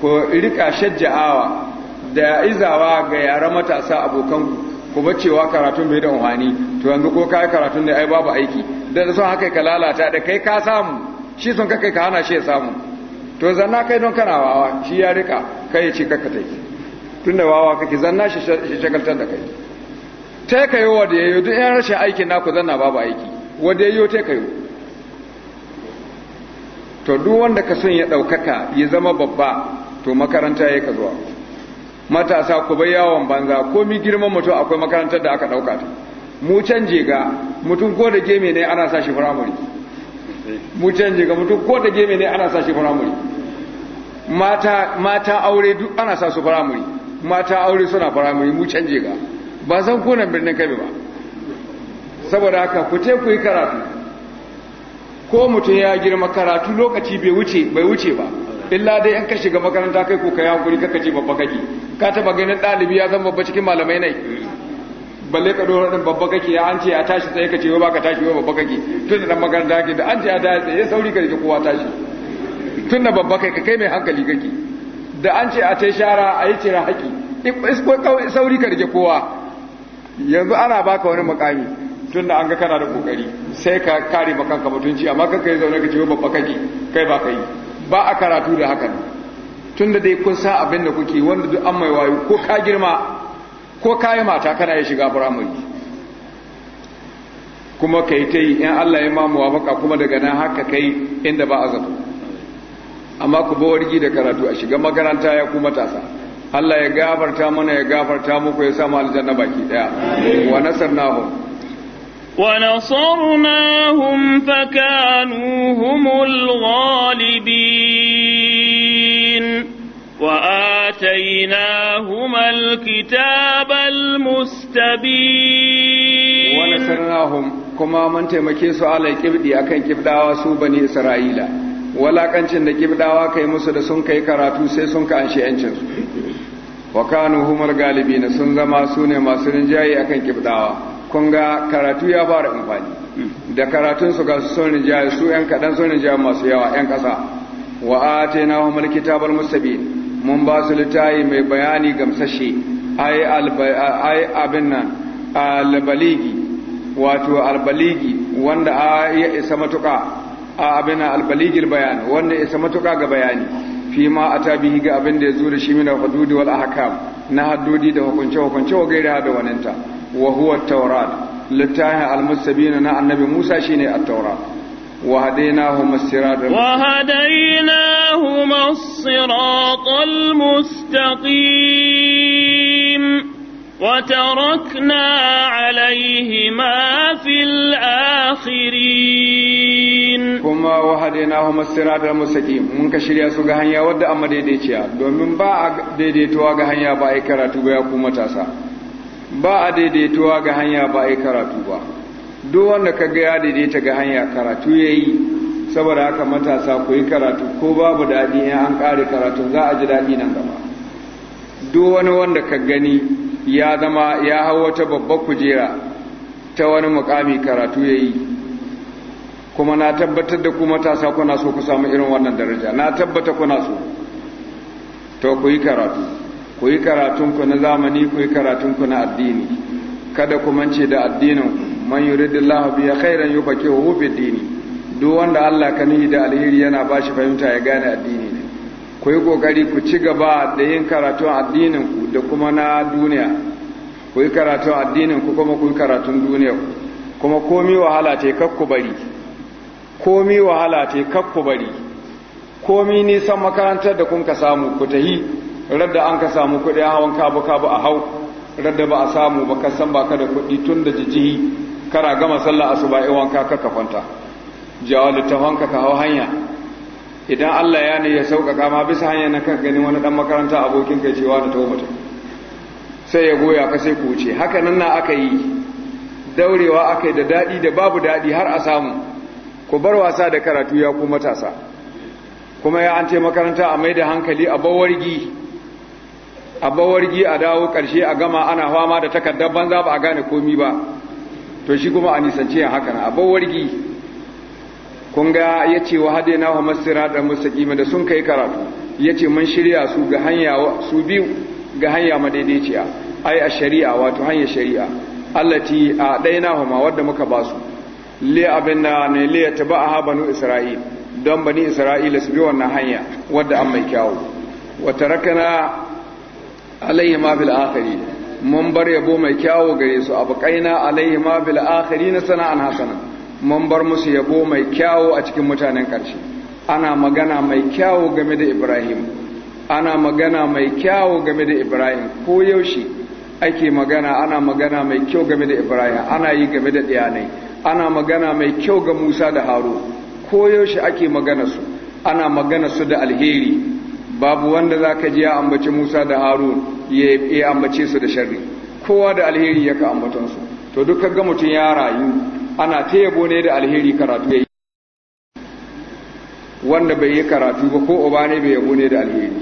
ko rika shajja'awa da izawa ga yara matasa abokan ku ku bar cewa karatun bai da umhani to yanzu ko kai karatun ne ai babu aiki da da haka ka lalata da kai ka samu shi sun kai ka hana shi ya samu to zanna kai don kana wawa shi ya rika kai ya ce kakka tai tunda wawa kake zanna shi shagaltar da kai ta ka yi da yayo duk yan rashin aikin naku zanna babu aiki wanda yayo ta ka yi to duk wanda ka son ya ɗaukaka ya zama babba to makaranta ya ka zuwa matasa ku bai yawon banza komi girman mutum akwai makarantar da aka ɗauka ta mu canje ga mutum ko da geme ne ana sa shi firamare mu canje ga mutum ko da geme ne ana sa shi firamare mata mata aure duk ana sa su firamare mata aure suna firamare mu canje ga ba san ko nan birnin kabe ba saboda haka ku te ku yi karatu ko mutum ya girma karatu lokaci bai wuce bai wuce ba illa dai in ka shiga makaranta kai ko ka yi hakuri kaka ce babba kake ka taba ganin dalibi ya zama babba cikin malamai ne balle ka dora din babba kake ya an ce ya tashi tsaye ka ce ba ka tashi babba kake tun da dan makaranta kake da an ce ya tashi tsaye sauri ka ji kowa tashi tun da babba kai ka kai mai hankali kake da an ce a tai shara a yi cira haƙi sauri ka rike kowa yanzu ana baka wani makami tun da an ga kana da kokari sai ka kare makanka mutunci amma kanka ya zaune ka ce babba kake kai ba ka yi ba a karatu da hakan tun da dai kun sa abin da kuke wanda duk an mai wayo ko ka girma ko ka yi mata kana ya shiga firamari kuma ka yi ta yi in Allah ya mamu maka kuma daga nan haka kai inda ba a zato amma ku bawargi da karatu a shiga makaranta ya kuma tasa Allah ya gafarta mana ya gafarta muku ya samu aljanna baki daya wa nasar nahu ونصرناهم فكانوا هم الغالبين وآتيناهما الكتاب المستبين ونصرناهم كما من تمكيسوا على كبدي أكن كبداوا سو بني إسرائيل walaƙancin da kibdawa kai musu da sun kai karatu sai sun ka anshi shi wa kanu humar galibi na sun zama su ne masu rinjaye akan kibdawa kun ga karatu ya fara amfani da karatun su ga su son rinjaya su yan kaɗan son jihar masu yawa yan ƙasa wa a ta yana wa mulki tabar musabi mun ba su littayi mai bayani gamsashe ai abin nan albaligi wato albaligi wanda ya isa matuƙa a abin albaligil bayan wanda isa matuƙa ga bayani fi ma ata bihi ga abin da ya zo da shi mina al-hudud wal ahkam na haddodi da hukunce hukunce wa gaira da waninta wa huwa at-taurat littahi al-mustabin na annabi Musa shine at-taurat wa hadainahum as-sirat wa hadainahum as-sirat al-mustaqim وتركنا عليهما في الآخرين كما وهديناهما الصراط المستقيم من كشريا سوغا هانيا ودا اما ديديتيا دومين با ديديتوا غا هانيا با اي كاراتو با يكو متاسا با ديديتوا غا هانيا با اي كاراتو با duk wanda ka ga ya daidaita ga hanya karatu ya yi saboda haka matasa ku yi karatu ko babu daɗi in an ƙare karatu za a ji daɗi nan gaba duk wani wanda ka gani ya zama ya hau wata babbar kujera ta wani mukami karatu ya yi kuma na tabbatar da kuma matasa kuna so ku samu irin wannan daraja na tabbata kuna so to ku yi karatu ku yi karatunku na zamani ku yi karatunku na addini kada ku mance da addinin man yuridillahu bi khairan yufaqihuhu fi dini duk wanda Allah ka nihi da alheri yana bashi fahimta ya gane addini ku yi ƙoƙari ku ci gaba da yin karatun addininku da kuma na duniya ku yi karatun addininku kuma ku yi karatun duniya kuma komi wahala ce kakku bari komi wahala ce kakku bari komi nisan makarantar da kun ka samu ku tahi radda an ka samu kuɗi hawan kabu kabu a hau radda ba a samu ba ka san baka da kuɗi tun da jijihi kara gama sallah asuba ba wanka ka kwanta ta wanka ka hau hanya idan Allah ya ne ya sauƙaƙa ma bisa hanyar na kan gani wani ɗan makaranta abokin kai cewa da tawo sai ya goya ka sai ku wuce haka nan na aka yi daurewa aka yi da daɗi da babu daɗi har a samu ku bar wasa da karatu ya ku matasa kuma ya an ce makaranta a mai da hankali a bawargi a bawargi a dawo ƙarshe a gama ana fama da takardar banza ba a gane komi ba to shi kuma a nisanci yin hakan a bawargi kun ga ya ce wa hade na wa da mustaƙima da sun kai karatu ya ce mun shirya su ga hanya su biyu ga hanya madaidaiciya ai a shari'a wato hanya shari'a allati a ɗaya na ma wadda muka ba su le abin da ne le ya taba a banu isra'il don bani isra'ila su bi wannan hanya wadda an mai kyawu wata rakana alayhi ma bil akhiri mun bar yabo mai kyawu gare su abu kaina alaihi ma bil akhiri na sana'an hasanan mun bar musu yabo mai kyawo a cikin mutanen ƙarshe ana magana mai kyawo game da ibrahim ana magana mai kyawo game da ibrahim ko yaushe ake magana ana magana mai kyau game da ibrahim ana yi game da ɗiyanai ana magana mai kyau ga musa da haro ko yaushe ake magana su ana magana su da alheri babu wanda za ka ji ya ambaci musa da harun ya ambace su da sharri kowa da alheri ya ka ambatansu to duk ga mutum ya rayu ana ta yabo ne da alheri karatu ya yi wanda bai yi karatu ba ko uba ne bai yabo ne da alheri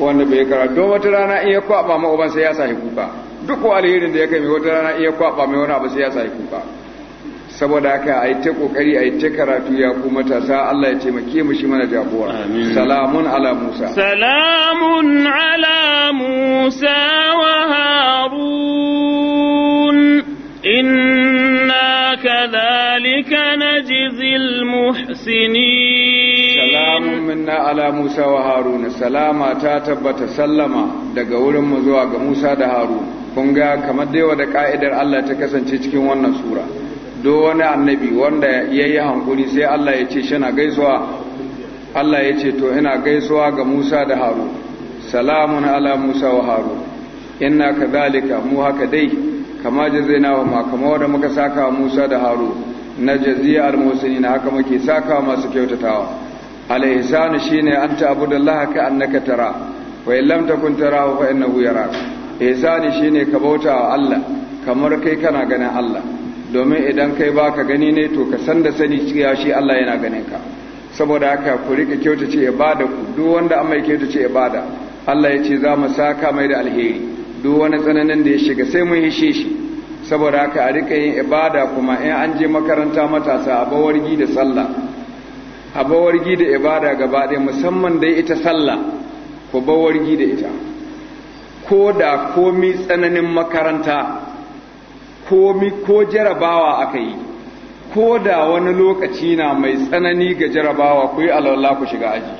wanda bai yi karatu don wata rana iya kwaba ma uban sai ya sahi kuka duk alherin da ya kai mai wata rana iya kwaba mai wani abu sai ya sahi kuka saboda haka a yi ta kokari a yi ta karatu ya ta sa Allah ya taimake mu shi mana jagora salamun ala musa salamun ala musa wa harun inna وكذلك نجزي المحسنين سلام منا على موسى وهارون سلام تاتبت سلما daga wurin mu zuwa ga Musa da Harun kun ga kamar dai da ka'idar Allah ta kasance cikin wannan sura do wani annabi wanda yayi hankuri sai Allah ya ce shana gaisuwa Allah ya ce to ina gaisuwa ga Musa da Harun salamun ala Musa wa Harun inna kadhalika mu haka dai kama zai wa ma kama wadda muka saka Musa da Haru na jaziya al na haka muke saka masu kyautatawa al-ihsanu shine da abudallaha ka annaka tara wa in lam takun tarahu fa innahu yarak ihsani shine ka bauta Allah kamar kai kana ganin Allah domin idan kai baka gani ne to ka san da sani cewa shi Allah yana ganin ka saboda haka ku rika kyautace ibada ku duk wanda an mai kyautace ibada Allah ya ce za mu saka mai da alheri duk wani tsananin da ya shiga sai mun hishe shi saboda haka a rika yin ibada kuma in an je makaranta matasa a bawar da sallah a bawar da ibada gaba ɗaya musamman dai ita sallah ko bawar da ita ko da komi tsananin makaranta komi ko jarabawa aka yi ko da wani lokaci na mai tsanani ga jarabawa ku yi alwala ku shiga aji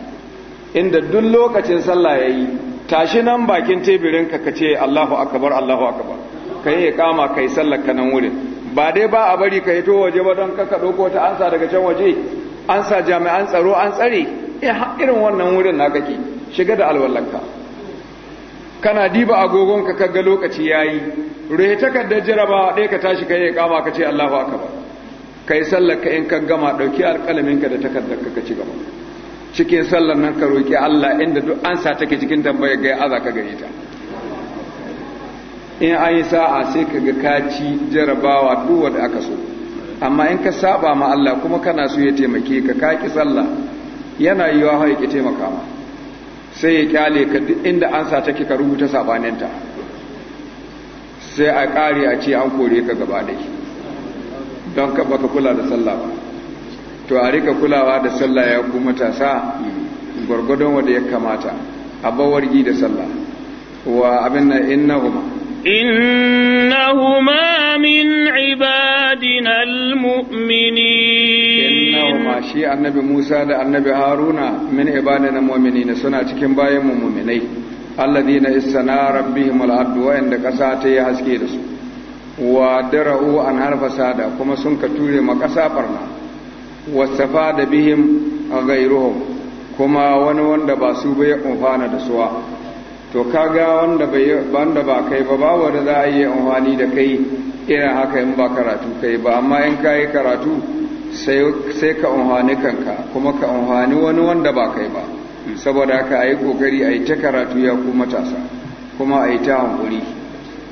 inda duk lokacin sallah ya yi tashi nan bakin teburin ka kace Allahu akbar Allahu akbar kai ya kama kai sallar ka nan wurin ba dai ba a bari ka hito waje ba don kaka doko ta ansa daga can waje ansa jami'an tsaro an tsare eh irin wannan wurin na kake shiga da alwallanka kana diba agogonka kaga lokaci yayi ruhe takarda jaraba ɗaya ka tashi kai ya kama ka ce Allahu akbar kai sallar ka in ka gama dauki alƙalamin ka da takardar ka ka ci gaba cikin sallar nan ka roƙi Allah inda duk an sa take cikin tambayar ga aza ka gare ta in an yi sa'a sai ka ga kaci jarabawa duk wanda aka so amma in ka saba ma Allah kuma kana so ya taimake ka ka sallah yana yiwa hawa ki taimaka ma sai ya kyale ka duk inda an sa take ka rubuta sabaninta sai a kare a ce an kore ka gaba dai don ka baka kula da sallah ba to a rika kulawa da sallah ya ku matasa gwargwadon wanda ya kamata a bawargi da sallah wa abin na innahuma huma min ibadina almu'minin huma shi annabi Musa da annabi Haruna min al-mu'mini na suna cikin bayan mu mu'minai alladhina istana rabbi al-abdu wa inda kasa ta yi haske da su wa dara'u an harfa da kuma sun ka ture ma kasa barna wasafa da bihim a gairuhum kuma wani wanda ba su bai amfana da suwa to kaga wanda wanda ba kai ba babu da za a yi amfani da kai ina haka in ba karatu kai ba amma in ka yi karatu sai ka amfani kanka kuma ka amfani wani wanda ba kai ba saboda haka a yi kokari a yi ta karatu ya ku matasa kuma a yi ta hankuri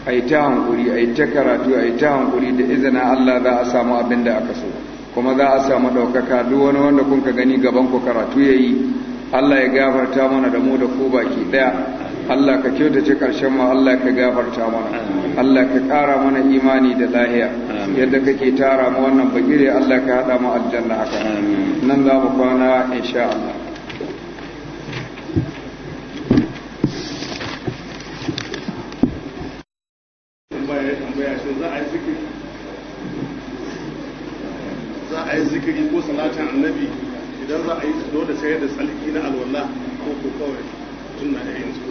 a yi ta hankuri a yi ta karatu a yi ta hankuri da izinin allah za a samu abin da aka so kuma za a samu ɗaukaka duk wani wanda kun ka gani gaban ku karatu ya yi Allah ya gafarta mana da mu da ku baki ɗaya Allah ka kyautace ƙarshen mu Allah ka gafarta mana Allah ka ƙara mana imani da lahiya yadda kake tara mu wannan bagire Allah ka haɗa mu aljanna haka nan za mu kwana insha Allah idan za a yi su dole sai da tsalki na alwallah ko ko kawai tun na yayin su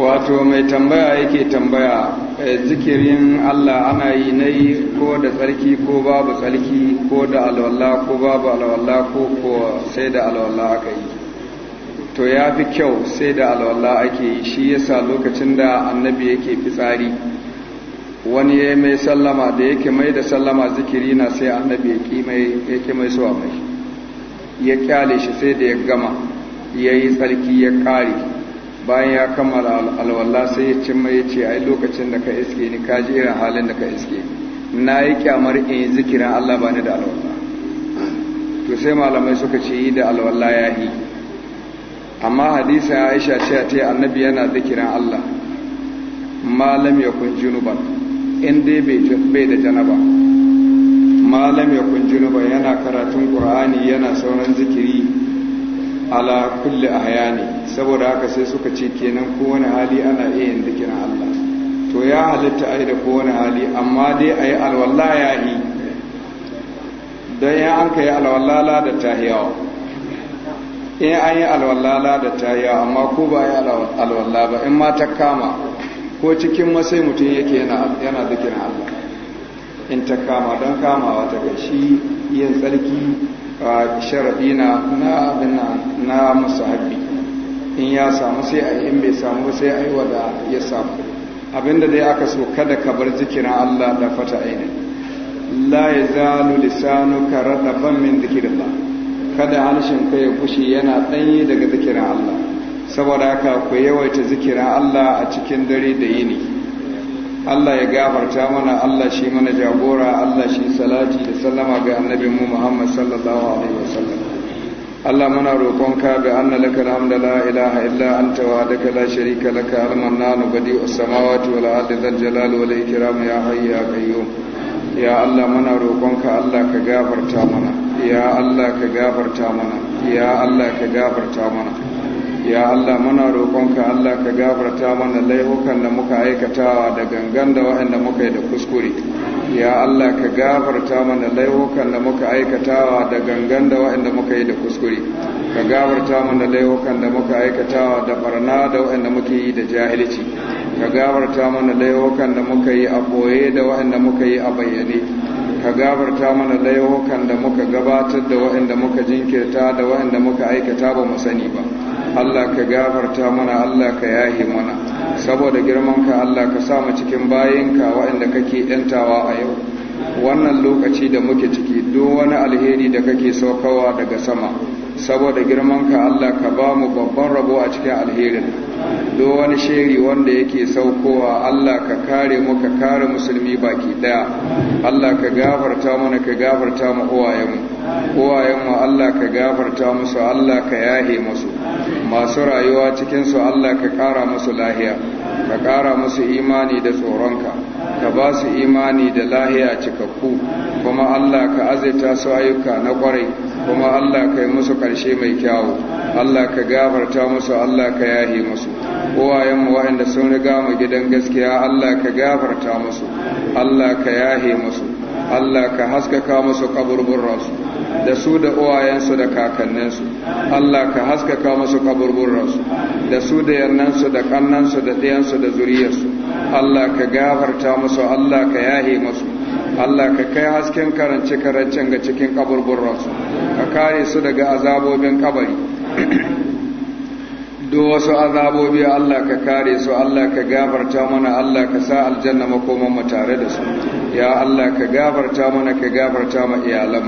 wato mai tambaya yake tambaya eh, zikirin Allah ana yi na yi ko da tsarki ko babu tsarki ko da alwallah ko babu alwallah ko ko sai da alwallah aka yi to ya fi kyau sai da alwallah ake yi shi yasa lokacin da annabi yake fitsari wani ya mai sallama da yake mai da sallama zikiri na sai annabi ya ki mai yake mai suwa mai ya kyale shi sai da ya gama ya yi tsarki ya ƙare bayan ya kammala alwallah sai ya cimma ya ce ai lokacin da ka iske ni ka ji irin halin da ka iske na yi kyamar in yi zikirin Allah ba ni da alwallah to sai malamai suka ce yi da alwallah ya yi amma ya Aisha ce ta annabi yana zikirin Allah malam ya kun junuban in dai bai da janaba malam ya kun junuban yana karatun qur'ani yana sauran zikiri ala kulli ahyani saboda haka sai suka ce kenan kowane hali ana iya yin zikirin Allah to ya halitta ai da wani hali amma dai ayi alwala ya yi don ya an kai alwallala da tahiyawa in an yi alwallala da tahiyawa amma ko ba yi alwallala ba in ma ta kama ko cikin masai mutum yake yana zikirin Allah in ta kama don kamawa ta gashi yin tsarki a sharaɗi na abin na in ya samu sai a yi in bai samu sai a yi wada ya samu abinda dai aka so kada ka bar zikirin Allah da fata ainihin la ya zalu lisanu ka raɗaban min ba kada harshen ka ya fushi yana ɗanyi daga zikirin Allah saboda haka ku yawaita zikirin Allah a cikin dare da yini Allah ya gafarta mana Allah shi mana jagora Allah shi salati da sallama ga annabin mu Muhammad sallallahu alaihi wasallam Allah muna roƙonka ga anna laka alhamdu la ilaha illa anta wahdaka la sharika laka al-mannan badi'us samawati wal ardi dhal jalali wal ikram ya hayyu ya qayyum ya Allah muna roƙonka Allah ka gafarta mana ya Allah ka gafarta mana ya Allah ka gafarta mana ya Allah muna roƙonka Allah ka gafarta mana laihukan da muka aikatawa da gangan da waɗanda muka yi da kuskure ya Allah ka gafarta mana laihukan da muka aikatawa da gangan da waɗanda muka yi da kuskure ka gafarta mana laihukan da muka aikatawa da barna da waɗanda muke yi da jahilci ka gafarta mana laihukan da muka yi a boye da waɗanda muka yi a bayyane ka gabarta mana laihukan da muka gabatar da wa'inda muka jinkirta da wa'inda muka aikata ba mu sani ba Allah ka gabarta mana Allah ka yahi mana saboda girmanka Allah ka sa mu cikin bayinka wa'inda kake yantawa a yau wannan lokaci da muke ciki duk wani alheri da kake saukawa daga sama saboda girmanka Allah ka ba mu babban rabo a cikin alherin do wani shiri wanda yake saukowa Allah ka kare mu ka kare musulmi baki daya Allah ka gafarta mana ka gafarta mu uwayenmu uwayenmu Allah ka gafarta musu Allah ka yahe musu masu rayuwa cikin su Allah ka kara musu lahiya ka kara musu imani da tsoronka ka ba su imani da lahiya cikakku kuma Allah ka azaita su ayyuka na kwarai kuma Allah ka yi musu ƙarshe mai kyawu Allah ka gafarta musu Allah ka yahe musu uwayenmu waɗanda sun riga mu gidan gaskiya Allah ka gafarta musu Allah ka yahe musu Allah ka haskaka musu kaburburransu da su da uwayensu da kakanninsu Allah ka haskaka musu kaburburransu da su da yannansu da kannansu da ɗiyansu da zuriyarsu Allah ka gafarta musu Allah ka yahe musu Allah ka kai hasken karance karancen ga cikin kaburburansu ka kare su daga azabobin kabari Do wasu azabobi Allah ka kare su Allah ka gafarta mana Allah ka sa aljanna makoman mu tare da su ya Allah ka gafarta mana ka gafarta ma iyalan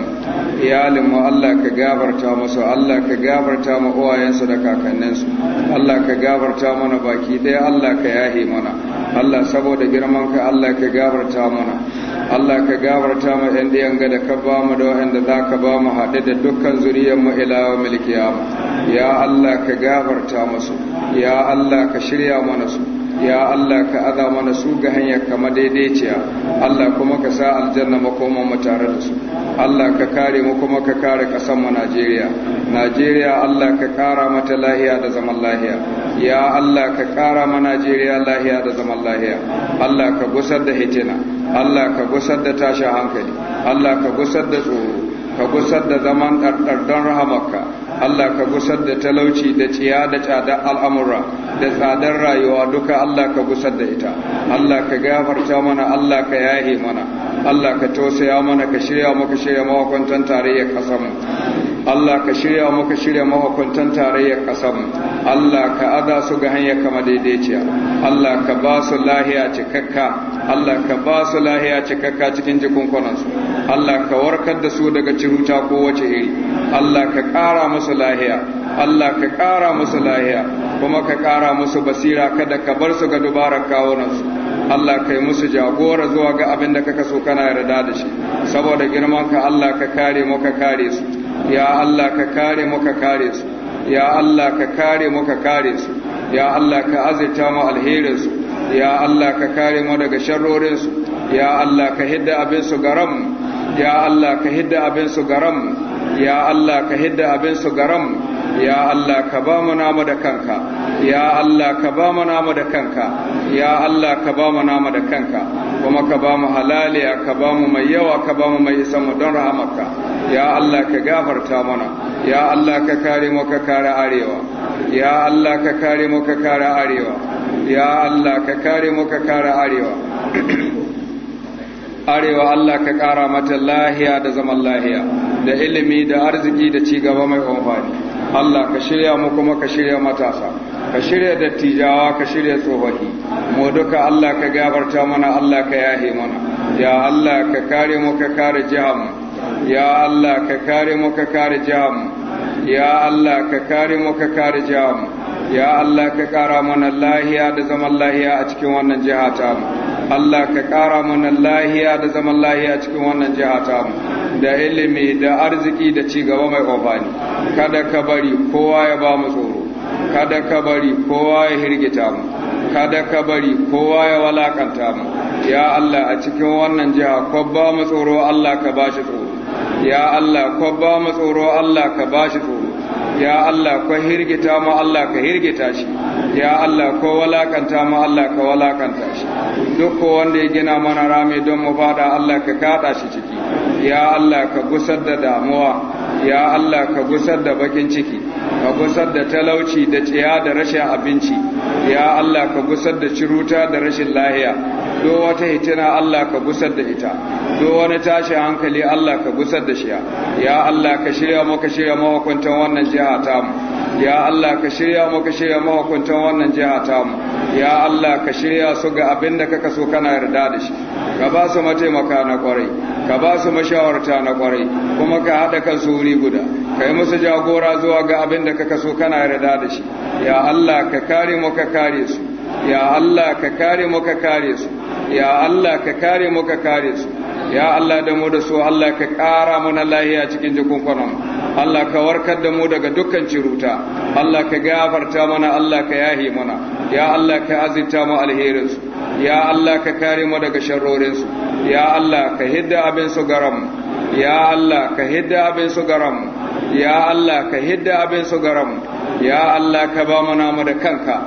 iyalin mu Allah ka gafarta musu Allah ka gafarta ma uwayensu da kakanninsu Allah ka gafarta mana baki ɗaya Allah ka yahe mana Allah saboda girman ka Allah ka gafarta mana Allah ka gafarta mu ɗan ɗiyan ga da ka ba mu da waɗanda za ka ba mu haɗe da dukkan zuriyar mu ilawa milkiyama ya Allah ka gabarta musu ya Allah ka shirya mana su ya Allah ka aza mana su ga hanyar kama daidaiciya Allah kuma ka sa aljanna makoma mu tare da su Allah ka kare mu kuma ka kare kasan mu Najeriya Najeriya Allah ka kara mata lahiya da zaman lahiya ya Allah ka kara ma Najeriya lahiya da zaman lahiya Allah ka gusar da hitina Allah ka gusar da tashin hankali Allah ka gusar da tsoro ka gusar da zaman ɗarɗar don rahamarka Allah ka gusar da talauci da ciya da tsada al'amura da tsadar rayuwa duka Allah ka gusar da ita Allah ka gafarta mana Allah ka yahe mana Allah ka tausaya mana ka shirya maka shirya mahukuntan tarayyar ƙasar Allah ka shirya maka shirya mahukuntan tarayyar ƙasar Allah ka ada su ga hanyar kama daidaiciya Allah ka ba su lahiya cikakka Allah ka ba su lahiya cikakka cikin jikunkunansu Allah ka warkar da su daga ciruta ko wace iri Allah ka ƙara musu lahiya Allah ka ƙara musu lahiya kuma ka ƙara musu basira kada ka bar su ga dubarar kawunansu Allah ka yi musu jagora zuwa ga abin da kaka so kana yarda da shi saboda girman ka Allah ka kare mu ka kare su ya Allah ka kare mu ka kare su ya Allah ka kare mu ka kare su ya Allah ka azirta mu alherinsu ya Allah ka kare mu daga sharrorinsu ya Allah ka hidda abinsu garam ya Allah ka hidda abinsu garam ya Allah ka hidda abinsu garam ya Allah ka ba mu nama da kanka ya Allah ka ba mu nama da kanka ya Allah ka ba mu nama da kanka kuma ka ba mu halaliya ka ba mu mai yawa ka ba mu mai isa mu don rahamarka ya Allah ka gafarta mana ya Allah ka kare mu ka kare arewa ya Allah ka kare mu ka kare arewa ya Allah ka kare mu ka kare arewa arewa Allah ka kara mata lahiya da zaman lahiya da ilimi da arziki da cigaba mai amfani Allah ka shirya mu kuma ka shirya matasa ka shirya dattijawa ka shirya tsofaffi mu duka Allah ka gabarta mana Allah ka yahe mana ya Allah ka kare mu ka kare jiham ya Allah ka kare mu ka kare jiham ya Allah ka kare mu ka kare jiham ya Allah ka kara mana lahiya da zaman lahiya a cikin wannan jiha ta mu Allah ka kara mana lahiya da zaman lahiya a cikin wannan jiha ta mu da ilimi da arziki da ci gaba mai ofani kada ka bari kowa ya ba mu tsoro kada ka bari kowa ya hirgita mu kada ka bari kowa ya walakanta mu ya Allah a cikin wannan jiha kwabba mu tsoro Allah ka bashi tsoro ya Allah kwabba mu tsoro Allah ka bashi tsoro ya Allah ko hirgita mu Allah ka hirgita shi ya Allah ko walakanta mu Allah ka walakanta shi duk wanda ya gina mana rami don mu fada Allah ka kada shi ciki ya Allah ka gusar da damuwa ya Allah ka gusar da bakin ciki ka gusar da talauci da tsiya da rashin abinci ya Allah ka gusar da ciruta da rashin lahiya do wata hitina Allah ka gusar da ita do wani tashi hankali Allah ka gusar da shi ya Allah ka shirya mu ka shirya mahukuntan wannan jiha mu. ya Allah ka shirya mu ka shirya mahukuntan wannan jiha ta mu ya Allah ka shirya su ga abin da kaka so kana yarda da shi ka ba su mataimaka na kwarai ka ba su mashawarta na kwarai kuma ka haɗa su wuri guda ka yi musu jagora zuwa ga abin da kaka so kana yarda da shi ya Allah ka kare mu ka kare su ya Allah ka kare mu ka kare su ya Allah ka kare mu ka kare su ya Allah da mu da su Allah ka ƙara mana lahiya cikin jikunkunan Allah ka warkar da mu daga dukkan ciruta Allah ka gafarta mana Allah ka yahi mana ya Allah ka azita mu alherinsu ya Allah ka kare mu daga sharrorinsu ya Allah ka hidda abin su garam ya Allah ka hidda abin su garam ya Allah ka hidda abin su garam ya Allah ka ba mu namu da kanka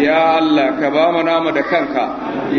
ya Allah ka ba mu namu da kanka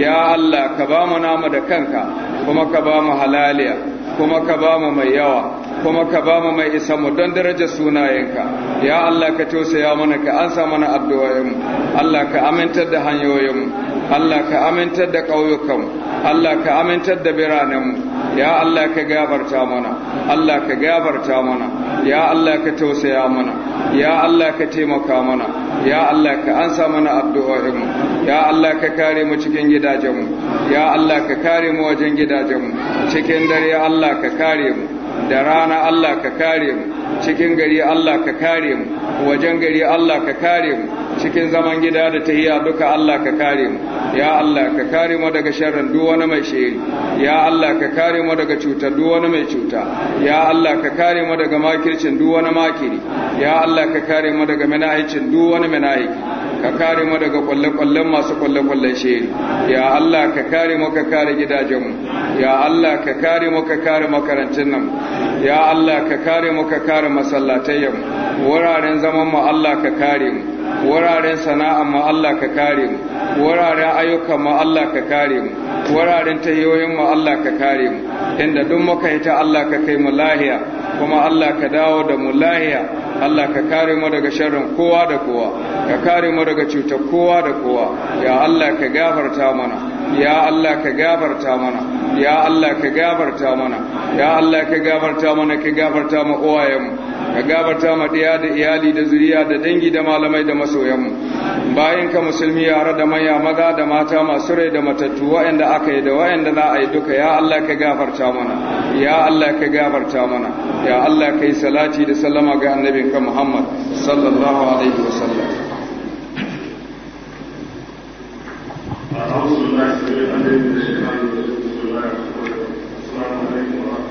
ya Allah ka ba mu namu da kanka kuma ka ba mu halaliya kuma ka ba mu mai yawa kuma ka ba mu mai isa mu don daraja sunayenka ya Allah ka tausaya mana ka ansa mana addu'o'inmu Allah ka amintar da hanyoyinmu Allah ka amintar da ƙauyukanmu Allah ka amintar da biranenmu ya Allah ka gafarta mana Allah ka gafarta mana ya Allah ka tausaya mana ya Allah ka taimaka mana ya Allah ka ansa mana addu'o'inmu ya Allah ka kare mu cikin gidajenmu ya Allah ka kare mu wajen gidajenmu cikin dare Allah ka kare mu da rana Allah ka kare mu cikin gari Allah ka kare mu wajen gari Allah ka kare mu cikin zaman gida da tahiya duka Allah ka kare mu ya Allah ka kare mu daga sharrin duk wani mai shiri ya Allah ka kare mu daga cutar duk wani mai cuta ya Allah ka kare mu daga makircin duk wani makiri ya Allah ka kare mu daga manahicin duk wani manahiki ka kare mu daga kwalle-kwallen masu kwalle-kwallen shiri ya Allah ka kare mu ka kare gidajenmu ya Allah ka kare mu ka kare makarantun nan ya Allah ka kare mu ka kare mu. wuraren zaman mu Allah ka kare mu wuraren sana'an mu Allah ka kare mu wuraren ayyukan mu Allah ka kare mu wuraren tayoyin mu Allah ka kare mu inda duk muka yi ta Allah ka kai mu lahiya kuma Allah ka dawo da mu lahiya Allah ka kare mu daga sharrin kowa da kowa ka kare mu daga cutar kowa da kowa ya Allah ka gafarta mana ya Allah ka gafarta mana ya Allah ka gafarta mana ya Allah ka gafarta mana ka gafarta mu uwayenmu ka gabata ma ɗaya da iyali da zuriya da dangi da malamai da masoyanmu bayan ka musulmi yara da manya maza da mata masu rai da matattu waɗanda aka yi da waɗanda za a yi duka ya Allah ka gafarta mana ya Allah ka gafarta mana ya Allah ka yi salati da sallama ga annabin ka Muhammad sallallahu alaihi wasallam أعوذ بالله من الشيطان الرجيم بسم الله